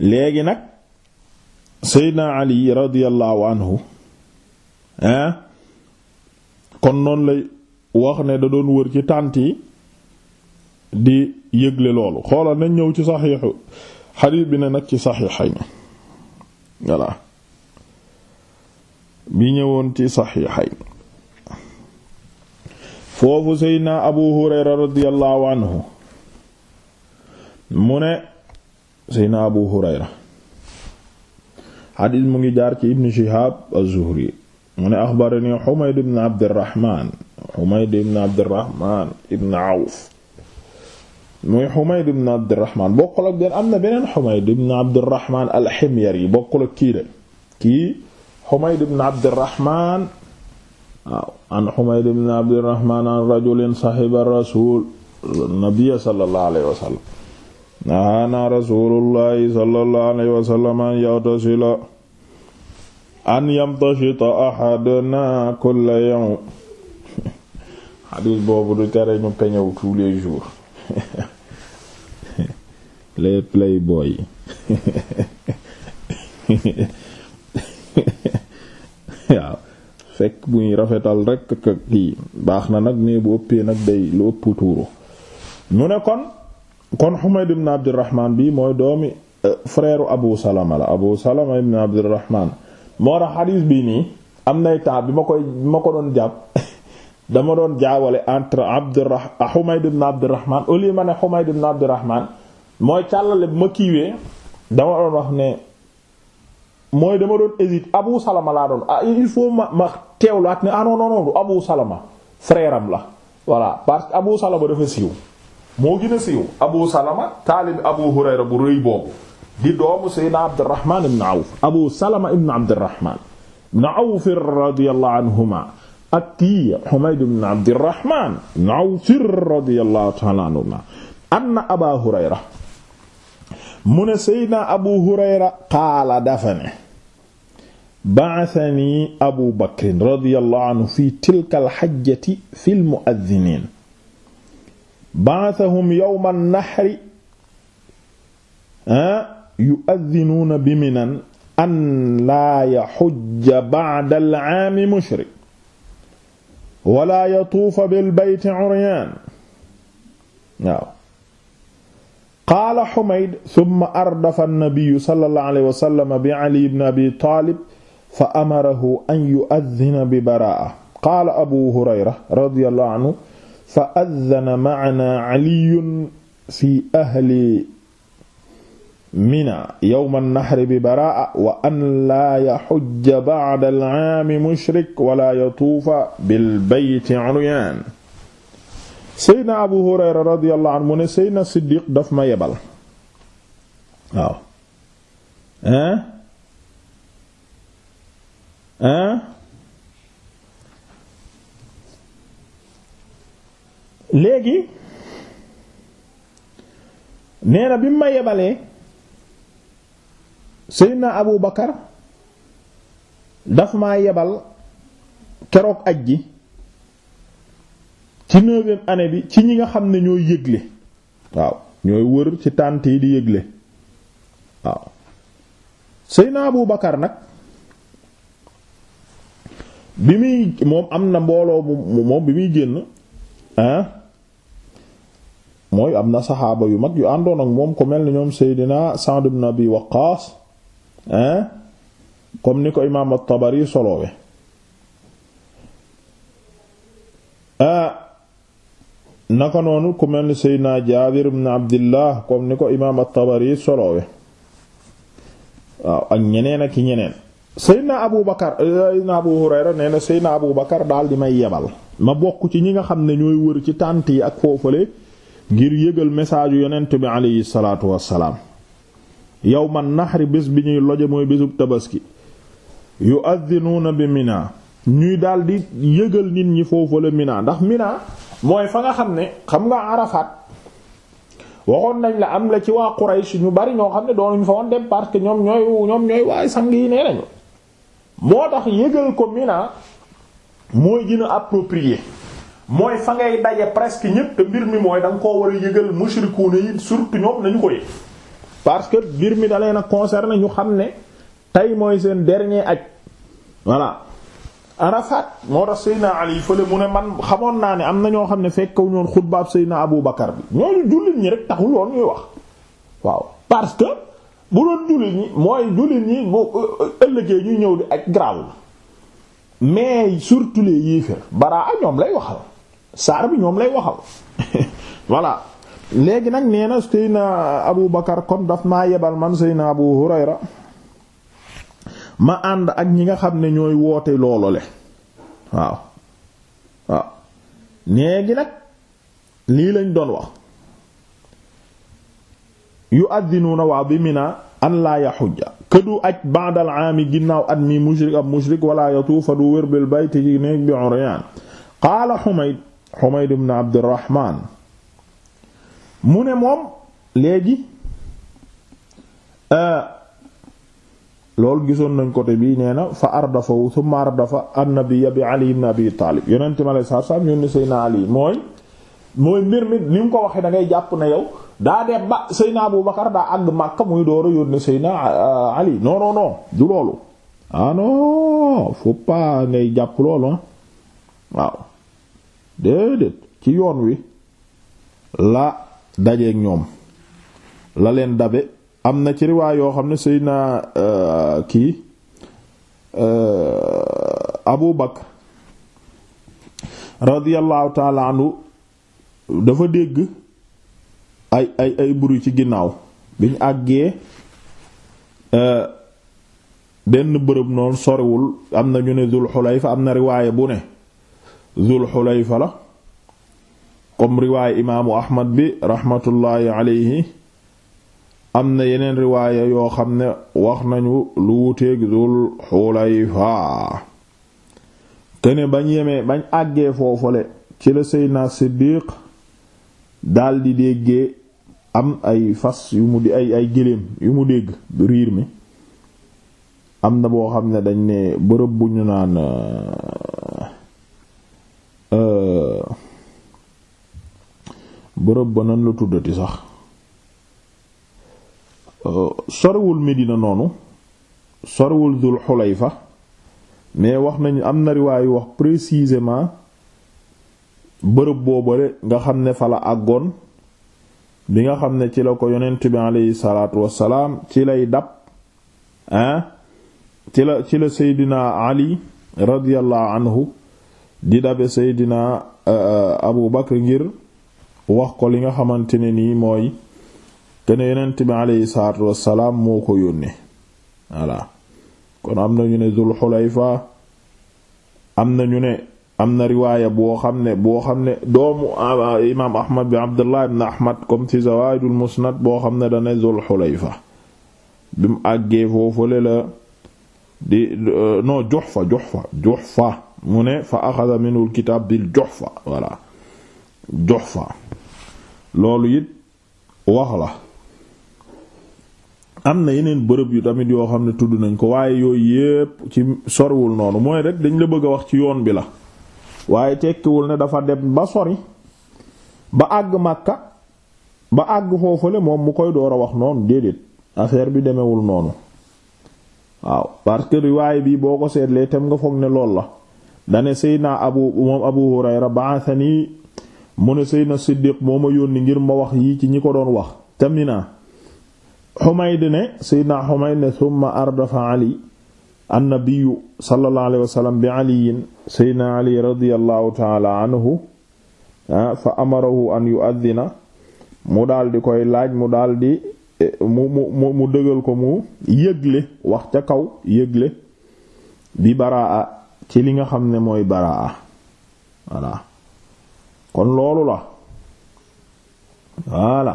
léegi nag Seydina Ali radiyallahu anhu hein kon noonu lay wax ne da doon wër ci tànt yi di yëgle loolu xoolal nañ ñëw ci saxiixu xadiis bi ne nag ci saxiixay na voilà bi ñëwoon ci saxiixay foofu seydna abu hurayra radiyallahu anhu mu ne seydna abu hurayra xadiis mu ngi jaar ci ibn shihaab az mu ne axbarani xumayd ibn abdirahmaan Humayd ibn Abdurrahman ibn Awf muy Humayd ibn Abdurrahman bokkul ak benn am na beneen Humayd ibn Abdurrahman al-Himyari bokkul ak kii de kii Humayd ibn Abdurrahman waaw an Humayd ibn Abdurrahman an rajulin sahiba rasul nabiyyi sallallahu alayhi wa sallam nahaana rasulullahi sallallahu alayhi wa sallam an yaghtashila an yamtashita ahaduna kulla yawm xadis boobu du tere ñu peñew tous les jours les playboy waaw fekk buy rafetal rekk kii baax na nag mais bu ëppee nag day lu ëpp tuuru mu ne kon kon Humayd ibn Abdurrahman bi mooy doomi euh, frère Abu Salama la Abu Salama ibn Abdurrahman moo tax xadis bi nii am nay temps bi ma koy bi ma ko doon jàpp dama doon jaawale entre Abdurrah Humayd ibn Abdurrahman au lieu ma ne Humayd mooy càllale bu ma kiiwee dama doon wax ne mooy dama doon hésite Abu Salama laa doon ah ma ma teewlaat ne ah non non non du Abu Salama frère la voilà parce que Abu Salama dafa siiw moo gën a siiw Abu Salama taalib Abu Hurayra bu rëy boobu di doomu Seydina Abdurrahman ibn Awf Abu Salama ibn Abdurrahman ibn Awf radiyallahu anhuma ak kii Humayd ibn Abdirrahman ibn Awf radiyallahu ta'ala anhu anna Aba Hurayra mu ne Seydina Abu Hurayra qaala dafa ne ba'athani Abu Bakr radiyallahu anhu fi tilka al-hajjati fi al-mu'adhdhinin ba'athahum yawma an-nahri yu'adhdhinuna bi Minan an la yahujja ba'da al-'aami mushrik wala yatuufa bil bayti uryaan waaw qaala xumayd summa ardafa annabiyu sallallahu alayhi wa sallam bi ali ibn abi taalib fa amarahu an yu'addina bi baraa'a qaala abu hurayra radiyallahu anhu fa addana ma'anaa aliyun fi ahli mina yowma nahri bi baraa wa an laa yaxujja bacda alaami mushrik wala yatuufa bilbeyti uryaan seydna abu hurayra radiallahu anhu mu ne seydna siddiq daf ma yebal waaw hein hein léegi nee na bi ma yebalee Seydina Abu Bakar daf maa yebal keroog aj ji ci neuvième année bi ci ñi nga xam ne ñooy yëgle waaw ñooy wër ci tànt yi di yëgle waaw Seydina Abu Bakar nag bi muy moom am na mbooloo mu moom bi muy génn mooy am na saxaaba yu mag yu àndoon ak moom ko mel ni ñoom Seydina Sa'd ibn Abi Waqqas ah comme ni ko imaam at-Tabari soloowe ah naka noonu ku mel ni Seydina Jaabir ibn Abdillah comme ni ko imaam at-Tabari soloowe waaw ak ñeneen ak ñeneen Seydina Abu Bakar eh, Seydina Abu Hurayra nee na Seydina Abu Bakar daal di may yebal ma bokk ci ñi nga xam ne ñooy wër ci tànt yi ak foofale ngir yëgal message yu yonent bi aleyhi salaatu wassalaam yawman nahri bés bi ñuy loje mooy bésub tabaski yu addinuuna bi mina ñuy daldi yëgal nit ñi foofu la mina ndax mina mooy fa nga xam ne xam nga arafaat waxoon nañ la am la ci waa Quraysh ñu bari ñoo xam ne doonuñ fa woon dem parce que ñoom ñooy ñoom ñooy waaye sang yi nee nañu moo tax yëgal ko mina mooy gën a approprié mooy fa ngay daje presque ñépp te mbir mi mooy da ko koo war a yëgal mushrikuuna yi surtout ñoom nañu ko yëg parce que mbir mi dalee leen a concerné ñu xam ne tey mooy seen dernier ak voilà Arafat moo tax Seydina Ali fële mu ne man xamoon naa ne am na ñoo xam ne fekkaw ñoon xutbaab Seydina Abu Bakar bi ñooñu jullit ñi rek taxul woon ñuy wax waaw parce que bu doon jullit ñi mooy jullit ñi bu euh, ëllëgee ñuy ñëw di ak grawul mais surtout les yéefér baraa ñoom lay waxal saar bi ñoom lay waxal voilà léegi nag nee na Abu Bakar kon daf maa yebal man Seydina Abu Hurayra ma ànd ak ñi nga xam ne ñooy woote loolole waaw waaw léegi nag lii lañ doon wax yu àddinuuna waaw bi Mina an laa yaxujja këdu aj ba'dal aami ginnaaw at mii mushrik ab mushrik wala yatuufa du wér bil bayt ci néeg bi uryaan qaala Humayd Humayd ibn Abdurrahman mu ne moom léegi euh, loolu gisoon nañ côté bii nee na fa ardafawu summa ardafa annabia bi ali ibn abi taalib yonente mi alei satu salaam ñun ni seyna ali mooy mooy mbir mi ni mu ko waxee dangay jàpp na yow daa def ba seyna Abu Bakar daa àgg Makka muy doora yónni seyna euh, Ali non non du loolu ah non ngay jàpp loolu waaw déedéet ci yoon wi la dajeeg ñoom la leen dabe am na ci riwaay yoo xam ne Seydina euh, kii euh, Abu Bakr radiyallahu taala dafa dégg ay ay ay bruit ci ginnaaw biñ àggee euh, benn bërëb noonu soriwul am na ñu ne Zul Xulayfa am na riwaay bu ne Zul Xulayfa la comme riwaaya imaamu ahmad bi raxmatullaahi aleyhi am na yeneen riwaaya yoo xam ne wax nañu lu wuteeg Zul Xulayfa kene bañ yemee bañ àggee foofale ci la Seydina Siddiq daldi déggee am ay fas yu mu di ay ay gëléem yu mu dégg riir mi am na boo xam ne dañ ne bërëb bu ñu naan bërëb ba nan la tuddati sax euh, sorewul Medina noonu sorewul Dul fa mais wax nañu am na riwaayu wax précisément bërëb boobale nga xam ne fala àggoon bi nga xam ne ci la ko yonent bi aleyhi salaatu wassalaam ci lay dab hein ci la ci la seydina ali radiyallahu anhu di dabe seydina euh, euh, abu bakr ngir wax ko li nga xamante ne nii mooy kenn yonent bi aleyhi salaatu wassalaam moo ko yónnee voilà kon am na ñu ne Zul Xulayfa am na ñu ne am na riwaaya boo xam ne boo xam ne doomu imaam Ahmad bi Abdullah ibn Ahmad comme boo xam ne dane Zul Xulayfa bi mu àggee foofule la di non Juhfa Juhfa fa mu ne fa axada minul kitaab bil Juhfa voilà Juhfa loolu it wax la am na yeneen bërëb yu tamit yoo xam ne tudd nañ ko waaye yooyu yépp ci soriwul noonu mooy rek dañ la bëgg a wax ci yoon bi la waaye tekkiwul ne dafa dem ba sori ba àgg Makka ba àgg foofale moom mu koy door a wax noonu déedéet affaire bi demewul noonu waaw parce que riwaay boo ko seetlee tem nga foog ne lool la dane Seydina Abu moom Abu Hurayra ba'athani mu ne Seydina Siddiq moo ma yónni ngir ma wax yi ci ñi ko doon wax ca Mina Humayd ne Seydina Humayd ne summa ardafa Ali annabiyu sallallahu alayhi wa sallam bi aliyin anhu fa amarahu an yu'adhina mu daldi koy laaj mu daldi e, mu mu mu dëgal ko mu yëgle wax ca kaw yëgle bi baraa ci li nga xam ne mooy baraa voilà kon loolu la voilà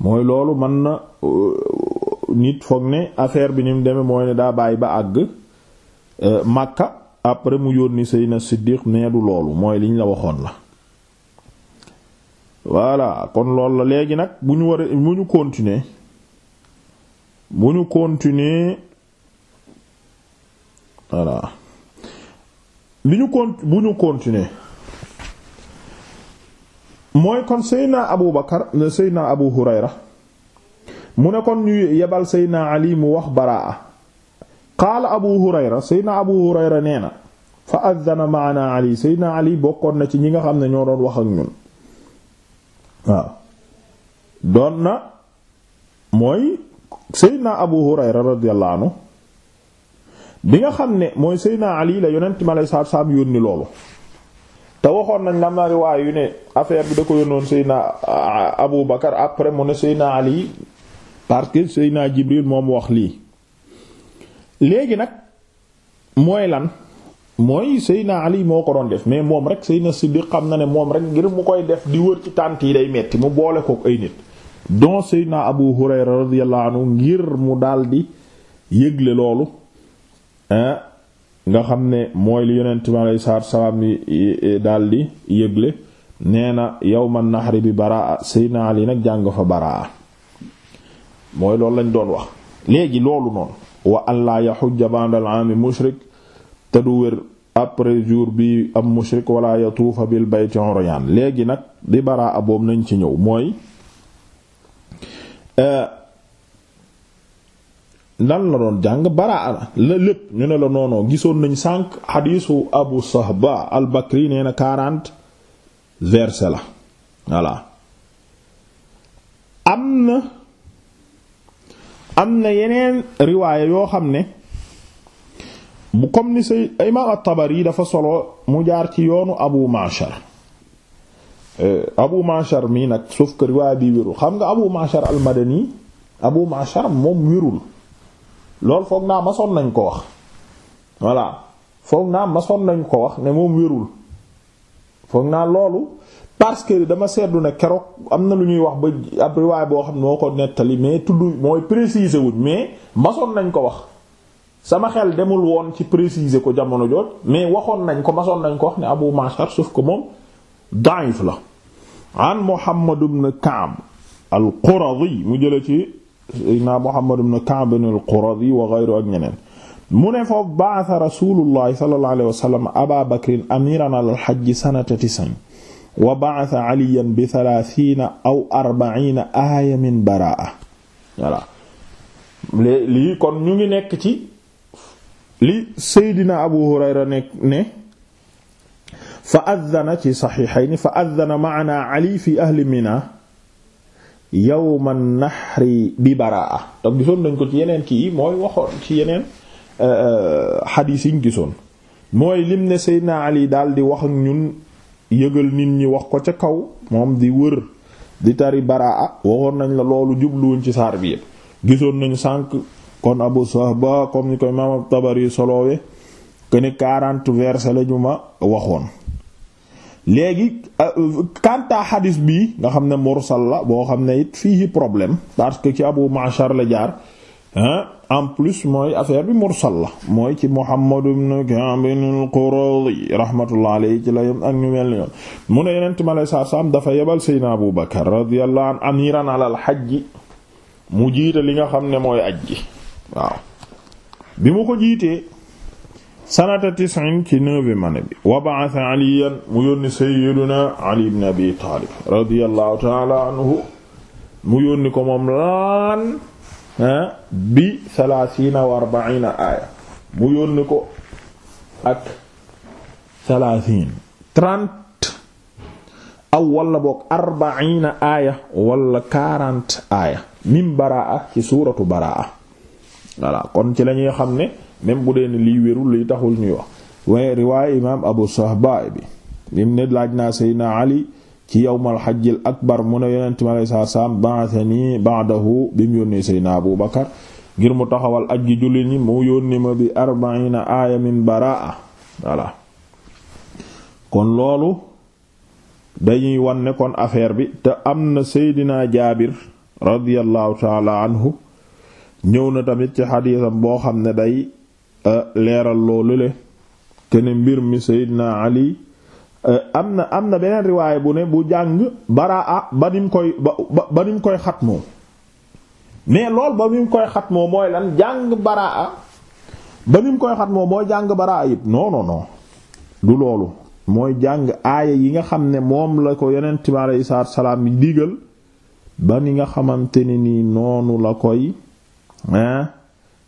mooy loolu mën na euh, nit foog ne affaire bi ni mu demee mooy ne daa bàyyi ba àgg euh, Makka après mu yónni Seydina Siddiq nee du loolu mooy liñ la waxoon la voilà kon loolu la léegi nag bu ñu war a bu ñu continuer bu ñu continuer voilà bi ñu con bu ñu continuer mooy kon seydna abu bakar seydna abu hurayra mu ne kon ñu yebal seydna ali mu wax baraa qaala abu hurayra seydna abu hurayra nee na fa addana maana ali seydna ali bokkoon na ci ñi nga xam ne ñoo doon wax ak ñun waaw doon na mooy seydna abu hurayra radiyallahu anhu bi nga xam ne mooy seydna ali la yonent mi alayhi salaatu salaam yónni loolu te waxoon nañ la am yu ne affaire bi da ko yónnoon Seydina euh, Abu Bakar après mu ne Seydina Ali parce que Seydina Jibril moom wax lii léegi nag mooy lan mooy Seydina Ali moo ko doon def mais moom rek Seydina Siddiq xam na ne moom rek ngir mu koy def di wër ci tànt yi day metti mu boole kook ay nit donc Seydina Abu Hurayra radiyallahu anhu ngir mu daldi yëgle loolu nga xam ne mooy li yonent mi alayhi salaatu salaam yi di e, e, yëgle nee na yawman nahri bi baraa Seydina Ali nag jàng fa baraa mooy loolu lañ doon wax léegi loolu noonu wa an laa yaxujja ba'dal aami mushrik te du wér après jour bi am mushrik wala yatuufa bil bayti uryaan léegi nag di baraa boobu nañ ci ñëw mooy e, lan la doon jàng baraa la lépp ñu ne la noonoo gisoon nañ sànq xadiisu abu sahba al bakri nee na quarante verset la voilà am na am na yeneen riwaaya yoo xam ne bu comme ni say imaam at-Tabari dafa solo mu jaar ci yoonu abu mashar euh, abu mashar mii nag sauf que riwaaya bi wérul xam nga abu mashar al-madani abu mashar moom wérul loolu foog naa masoon nañ ko wax voilà foog naa masoon nañ ko wax ne moom wérul foog naa loolu parce que dama seetlu na keroog am na lu ñuy wax ba ab riwaay boo xam ne moo ko nettali mais tudd mooy préciser wuñ mais masoon nañ ko wax sama xel demul woon ci préciser ko jamono jooj mais waxoon nañ ko masoon nañ ko wax ne Abu Mashar sauf ko moom da'if la an Muhammad ibn Ka'b al-Quradi mu jële ci naa Muhammad ibn Ka'b al-Quradi wa ghayru ak ñeneen mu ne foofu ba'atha Rasulullah sallallahu alayhi wa sallam Aba Bakr amiran ala al-hajj sanata tis'in wa ba'atha Aliyan bi thalaathiina aw arba'iina aaya min baraa'a voilà lii kon ñu ngi nekk ci li Seydina Abu Hurayra nekk ne fa addana ci saxiixayni fa addana ma'ana Ali fi ahli Mina yawma nahri bi baraa te gisoon nañ ko ci yeneen kii mooy waxoon ci yeneen euh, euh, xadiis yi ñu gisoon mooy lim ne Seydina Ali daal di wax ñun yëgal nit ñi wax ko ca kaw moom di wër di tari baraa waxoon nañ la loolu jubluwuñ ci saar bi yëpp gisoon nañu sànq kon Abu Sahba comme ni koy imaam Tabari soloowe que ni 40 versets la ñu ma waxoon. léegi kanta euh, xadis bi nga xam ne mursal la boo xam ne it fii problème parce que ci Abu Ma'shar la jaar en plus mooy affaire bi mursal la mooy ci Muhammad ibn Ka'b al-Quradi ci la ak ñu mel ni ñoom mu ne yenent mi aleye satu salaam dafa yebal Seydina Abu Bakar radiyallahu an amiran alal hajji mu jiite li nga xam ne mooy ajji waaw bi mu ko jiitee sanata tisin ci neuvième année bi wa ba'atha aliyan mu yónni sayyiduna ali ibn abi taalib radiyallahu taala anhu mu yónni ko moom laan bi thalathina wa arba'ina aaya mu yónni ko ak aw wala boog arba'ina wala quarante min baraa ci suuratu baraa voilà kon ci lañuy xam ne même bu dee ne lii wérul lii taxul ñuy wax waaye riwaaya imaam abu sahba bi lim ne laaj naa seydna ali ci yowmal xajjil akbar mu ne yonent mi alay salaam ba'athani ba'dahu bi yónnee seydna abu bakar ngir mu taxawal aj gi julli ni mu yónni ma bi arbaina aaya min baraa kon loolu dañuy wan ne kon bi te am na seydina jaabir radiyallahu taala anhu ñëw na tamit ci xadiisam boo xam ne day leeral loolu le kene mbir mi Seydina Ali e, am na am na beneen riwaay bu ne bu jàng baraa ba nim koy ba xat moom mais lool ba nim koy xat moom mooy lan jàng baraa koy xat moom mooy jàng baraa yëpp non mooy jàng aaya yi nga xam ne moom la ko yonent bi aleyhi salaatu salaam yi ba ni nga xamante ne nii noonu la koy hein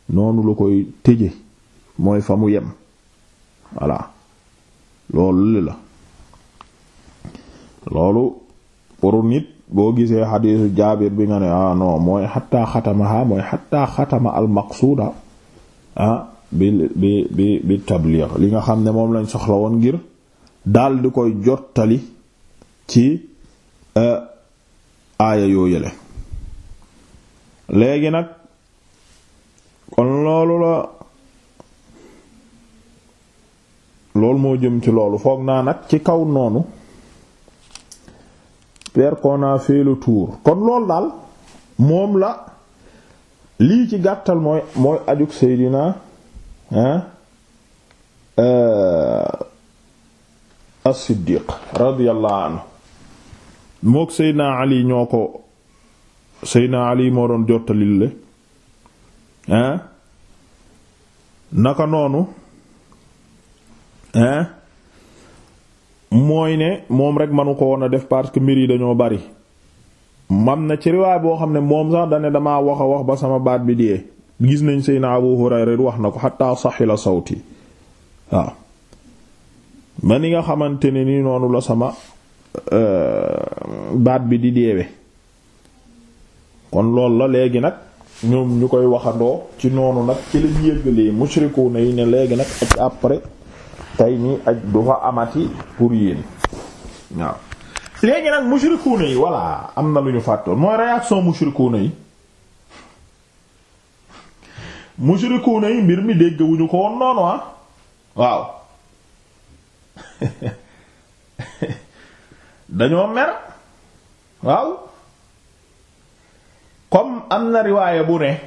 noonu la koy tëje mooy fa mu yem voilà loolu la loolu pour nit boo gisee xadiisu jaabir bi nga ne ah non mooy xataa xatamaha mooy xataa xatama al maqsuuda ah, bi bi bi bi tabliix li nga xam ne moom lañ soxla woon ngir dal di koy jottali ci euh, aaya yoo yële léegi nag kon loolu la loolu moo jëm ci loolu foog naa nag ci kaw noonu père qu'on a fait le kon loolu daal moom la lii ci gàttal mooy mooy ajuk Seydina hein euh, Ali ñoo ko Seydina Ali moo doon jottalil le naka noonu hein mooy ne moom rek manu ko woon a def parce que mbir yi dañoo bari mam na ci riwaay boo xam ne moom sax dane damaa wax a wax ba sama baat bi dee gis nañ Seydina Abu Hurayra wax na ko xataa saxila sawti waaw ma ni nga xamante ne ni noonu la sama euh, baat bi di deewe kon loolu la léegi nag ñoom ñu koy waxandoo ci noonu nag ci lañ yëgalee mushrikuuna yi ne léegi nag ak après tey nii aj du fa amati pour yéen waaw léegi nag mushrikuuna yi voilà am na lu ñu fàttoon mooy réaction mushrikuuna yi mushrikuuna yi mbir mi dégg wu ñu ko woon noonu ah. waaw dañoo mer waaw comme am na riwaaya bu ne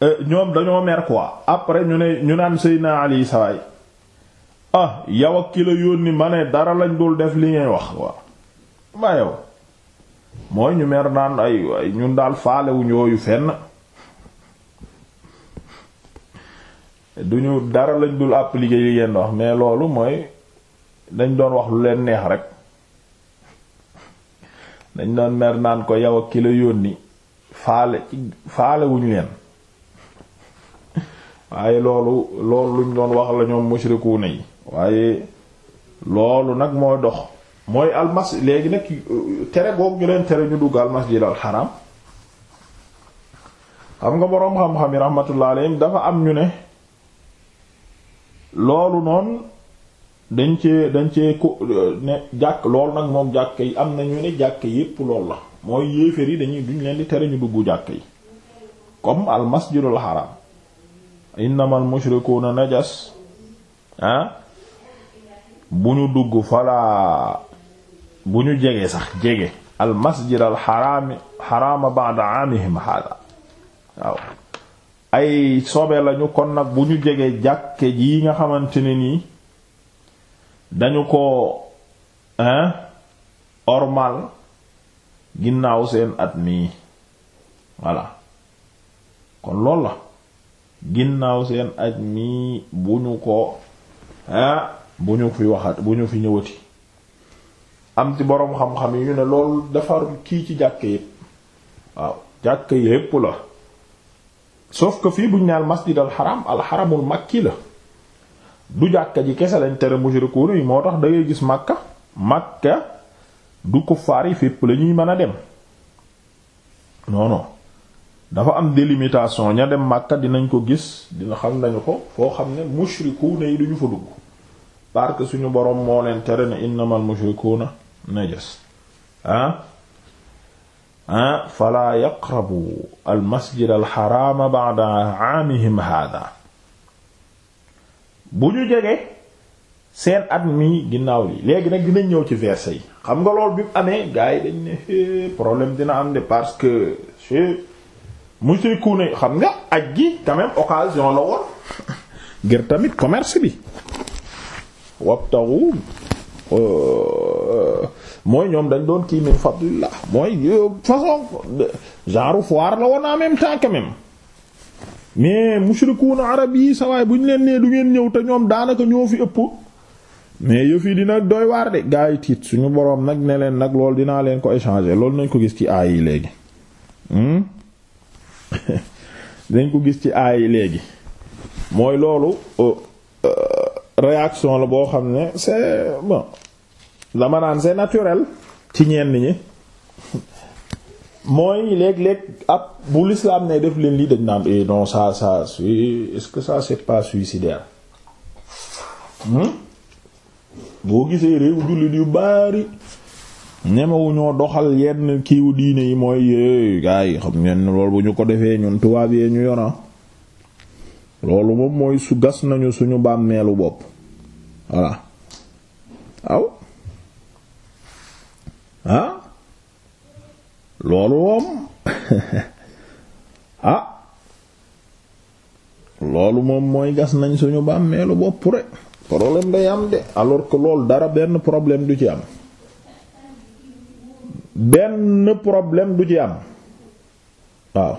euh, ñoom dañoo mer quoi après ñu ne ñu naan Seydina Ali sawaay ah yow ak ki la yónni ma dara lañ dul def li ngay wax waaw ma yow mooy ñu mer naan ay ay ñun daal faalewuñ yooyu fenn duñu dara lañ dul appliquer li ngeen wax mais loolu mooy dañ doon wax lu leen neex rek dañ doon mer naan ko yow ak ki la yónni faale ci faalewuñ leen waaye loolu loolu luñ doon wax la ñoom mushrikuuna yi waaye loolu nag moo dox mooy almas léegi nag tere goog ñu leen tere ñu dugg almasjid al xaram xam nga boroom xam-xam yi rahmatullah alayhim dafa am ñu ne loolu noonu dañ cee dañ cee ko ne jàkk loolu nag moom jàkk yi am na ñu ne jàkk yépp loolu la mooy yéeféer yi dañuy duñ leen di tere ñu dugg jàkk yi comme al masjidul haram innamal mushrikuuna najas ah bu ñu dugg falaa bu ñu jege sax jege al masjid al xaraami xaraama ba'da waaw ay sobe lañu kon nag bu ñu jege jàkke ji nga xamante ne nii dañu ko hein ormal ginnaaw seen at mii voilà kon lool la ginnaaw seen at mii bu ñu ko hein bu ñu fi waxaat bu ñu fi ñëwati am ci boroom xam-xam yi ñu ne loolu defar kii ci jàkk yépp waaw jàkk yépp la sauf ko fii buñ ne al masjid al xaram al xaramul makki la du jàkka ji kese lañ tere mushrikuun yi moo tax dangay gis makka makka du kuffaar yi fépp la ñuy mën a dem non non dafa am délimitation ña dem makka dinañ ko gis dina xam nañu ko foo xam ne mushrikuun yi duñu fa dugg parce que suñu boroom moo leen tere ne innamal mushrikuuna najas ah ah fala yaqrabu al masjid al xaraama ba'da aamihim haadaa bu ñu jege seen at mi ginnaaw li léegi nag dinañ ñëw ci verset yi xam nga lool bi mu amee gars dañ ne problème dina am de parce que c'est mushrikuuna xam nga aj gi quand même occasion la woon ngir tamit commerce bi wabtaxu euh, mooy ñoom dañ doon kii min fadlillah mooy euh, façon genre foire la woon en même temps quand même mais mushrikuuna arab yi sawaay bu ñu leen nee du ngeen ñëw te ñoom daanaka ñoo fi ëpp mais yëf yi dina doy waar de gaa yi tiit suñu boroom nag ne leen nag loolu dinaa leen ko échanger loolu nañ ko gis ci aay yi léegi hmm? dañ ko gis ci aay yi léegi mooy loolu euh, réaction la boo xam ne c'est bon dama naan c'est naturel ci ñenn ñi mooy léeg-léeg ab bu l'islam ne def leen lii dañ naan eh non ça ce que ça c'est pas suicidaire hmm? boo gisee réew jullit yu baari ñemewu doxal yenn kiiwu diine yi mooy eh, gars yi xam ngeen loolu bu ñu ko defee ñun tubaab yee ñu yona loolu moom mooy su gas nañu suñu bàmmeelu bopp voilà aw ah loolu moom ah loolu moom mooy gas nañ suñu bàmmeelu bopp rek problème day am de alors que loolu dara benn problème du ci am benn problème du ci am waaw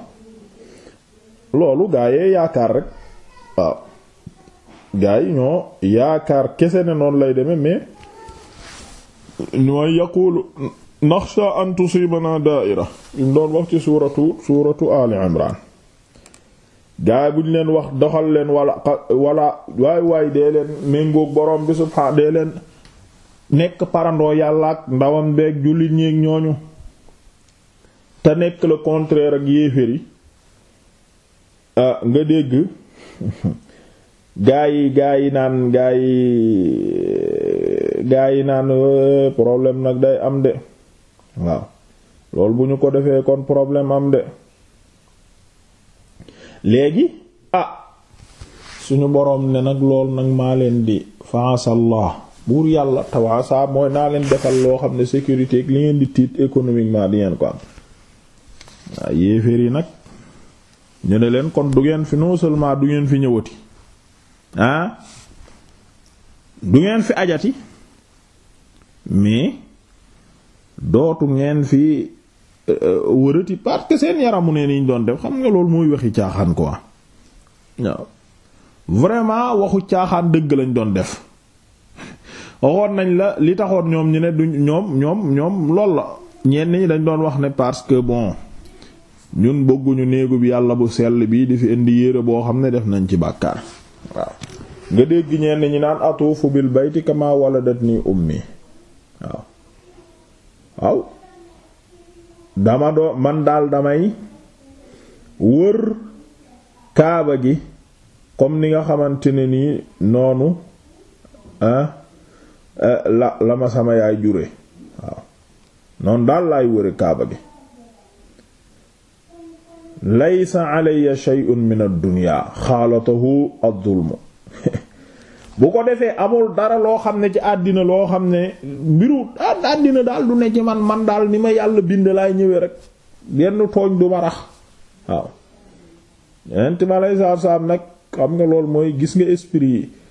loolu gaa yee yaakaar rek waaw ah. ñoo yaakaar kese ne noonu lay demee mais ñooy yaqulu naxsha an tusibana daaira ñu doon wax ci suuratu suuratu ali imran gaa bu ñu leen wax doxal leen wala wala waay dee leen méngoog borom bi subhaanahu dee leen nekk parandoo yàlla ak ndawam beeg jullit ñeeg ñooñu te nekk le contraire ak yéeféer ah, nga dégg gaa yi gaa yi naan gaa yi gaa yi naan problème nag day am de waaw loolu bu ñu ko defee kon problème am de léegi a ah, suñu boroom ne nag lool nag maa leen di faasallah buur yàlla tawasa mooy naa leen defal loo xam ne sécurité ak li ngeen di tiit économiquement di ngeen ko am waaw yéeféer yi nag ñu ne leen kon du ngeen fi non seulement du ngeen fi ñëwati ah du ngeen fi ajati mais dootu ngeen fi euh, euh, wërati parce que seen yaramu ne ni ñu doon def xam nga loolu mooy waxi caaxaan quoi waaw vraiment waxu caaxaan dëgg lañ doon def waxoon nañ la li taxoon ñoom ñu ne duñ ñoom ñoom ñoom lool la ñenn ñi dañ doon wax ne parce que bon. ñun bëgguñu néegu yàlla bu sell bii di fi indi yére boo xam ne def nañ ci bàkkaar waaw nga dégg ñenn ñi naan atuufu bil bayti kama waladatni ummi waaw waaw dama doo man daal damay wër kaaba gi comme ni nga xamante ne nii noonu ah, eh, la la ma sama yaay jure waaw noonu daal laay wëre kaaba gi laysa alayya shay'un min ad-dunya xaalatahu ad-dulm bu ko defee amul dara loo xam ne ci àddina loo xam ne mbiru àddina daal du ne ci man man daal ni ma yàlla bind lay ñëwee rek benn tooñ du ma rax waaw yeneen ma lay saab saab nag xam nga loolu mooy gis nga esprit yi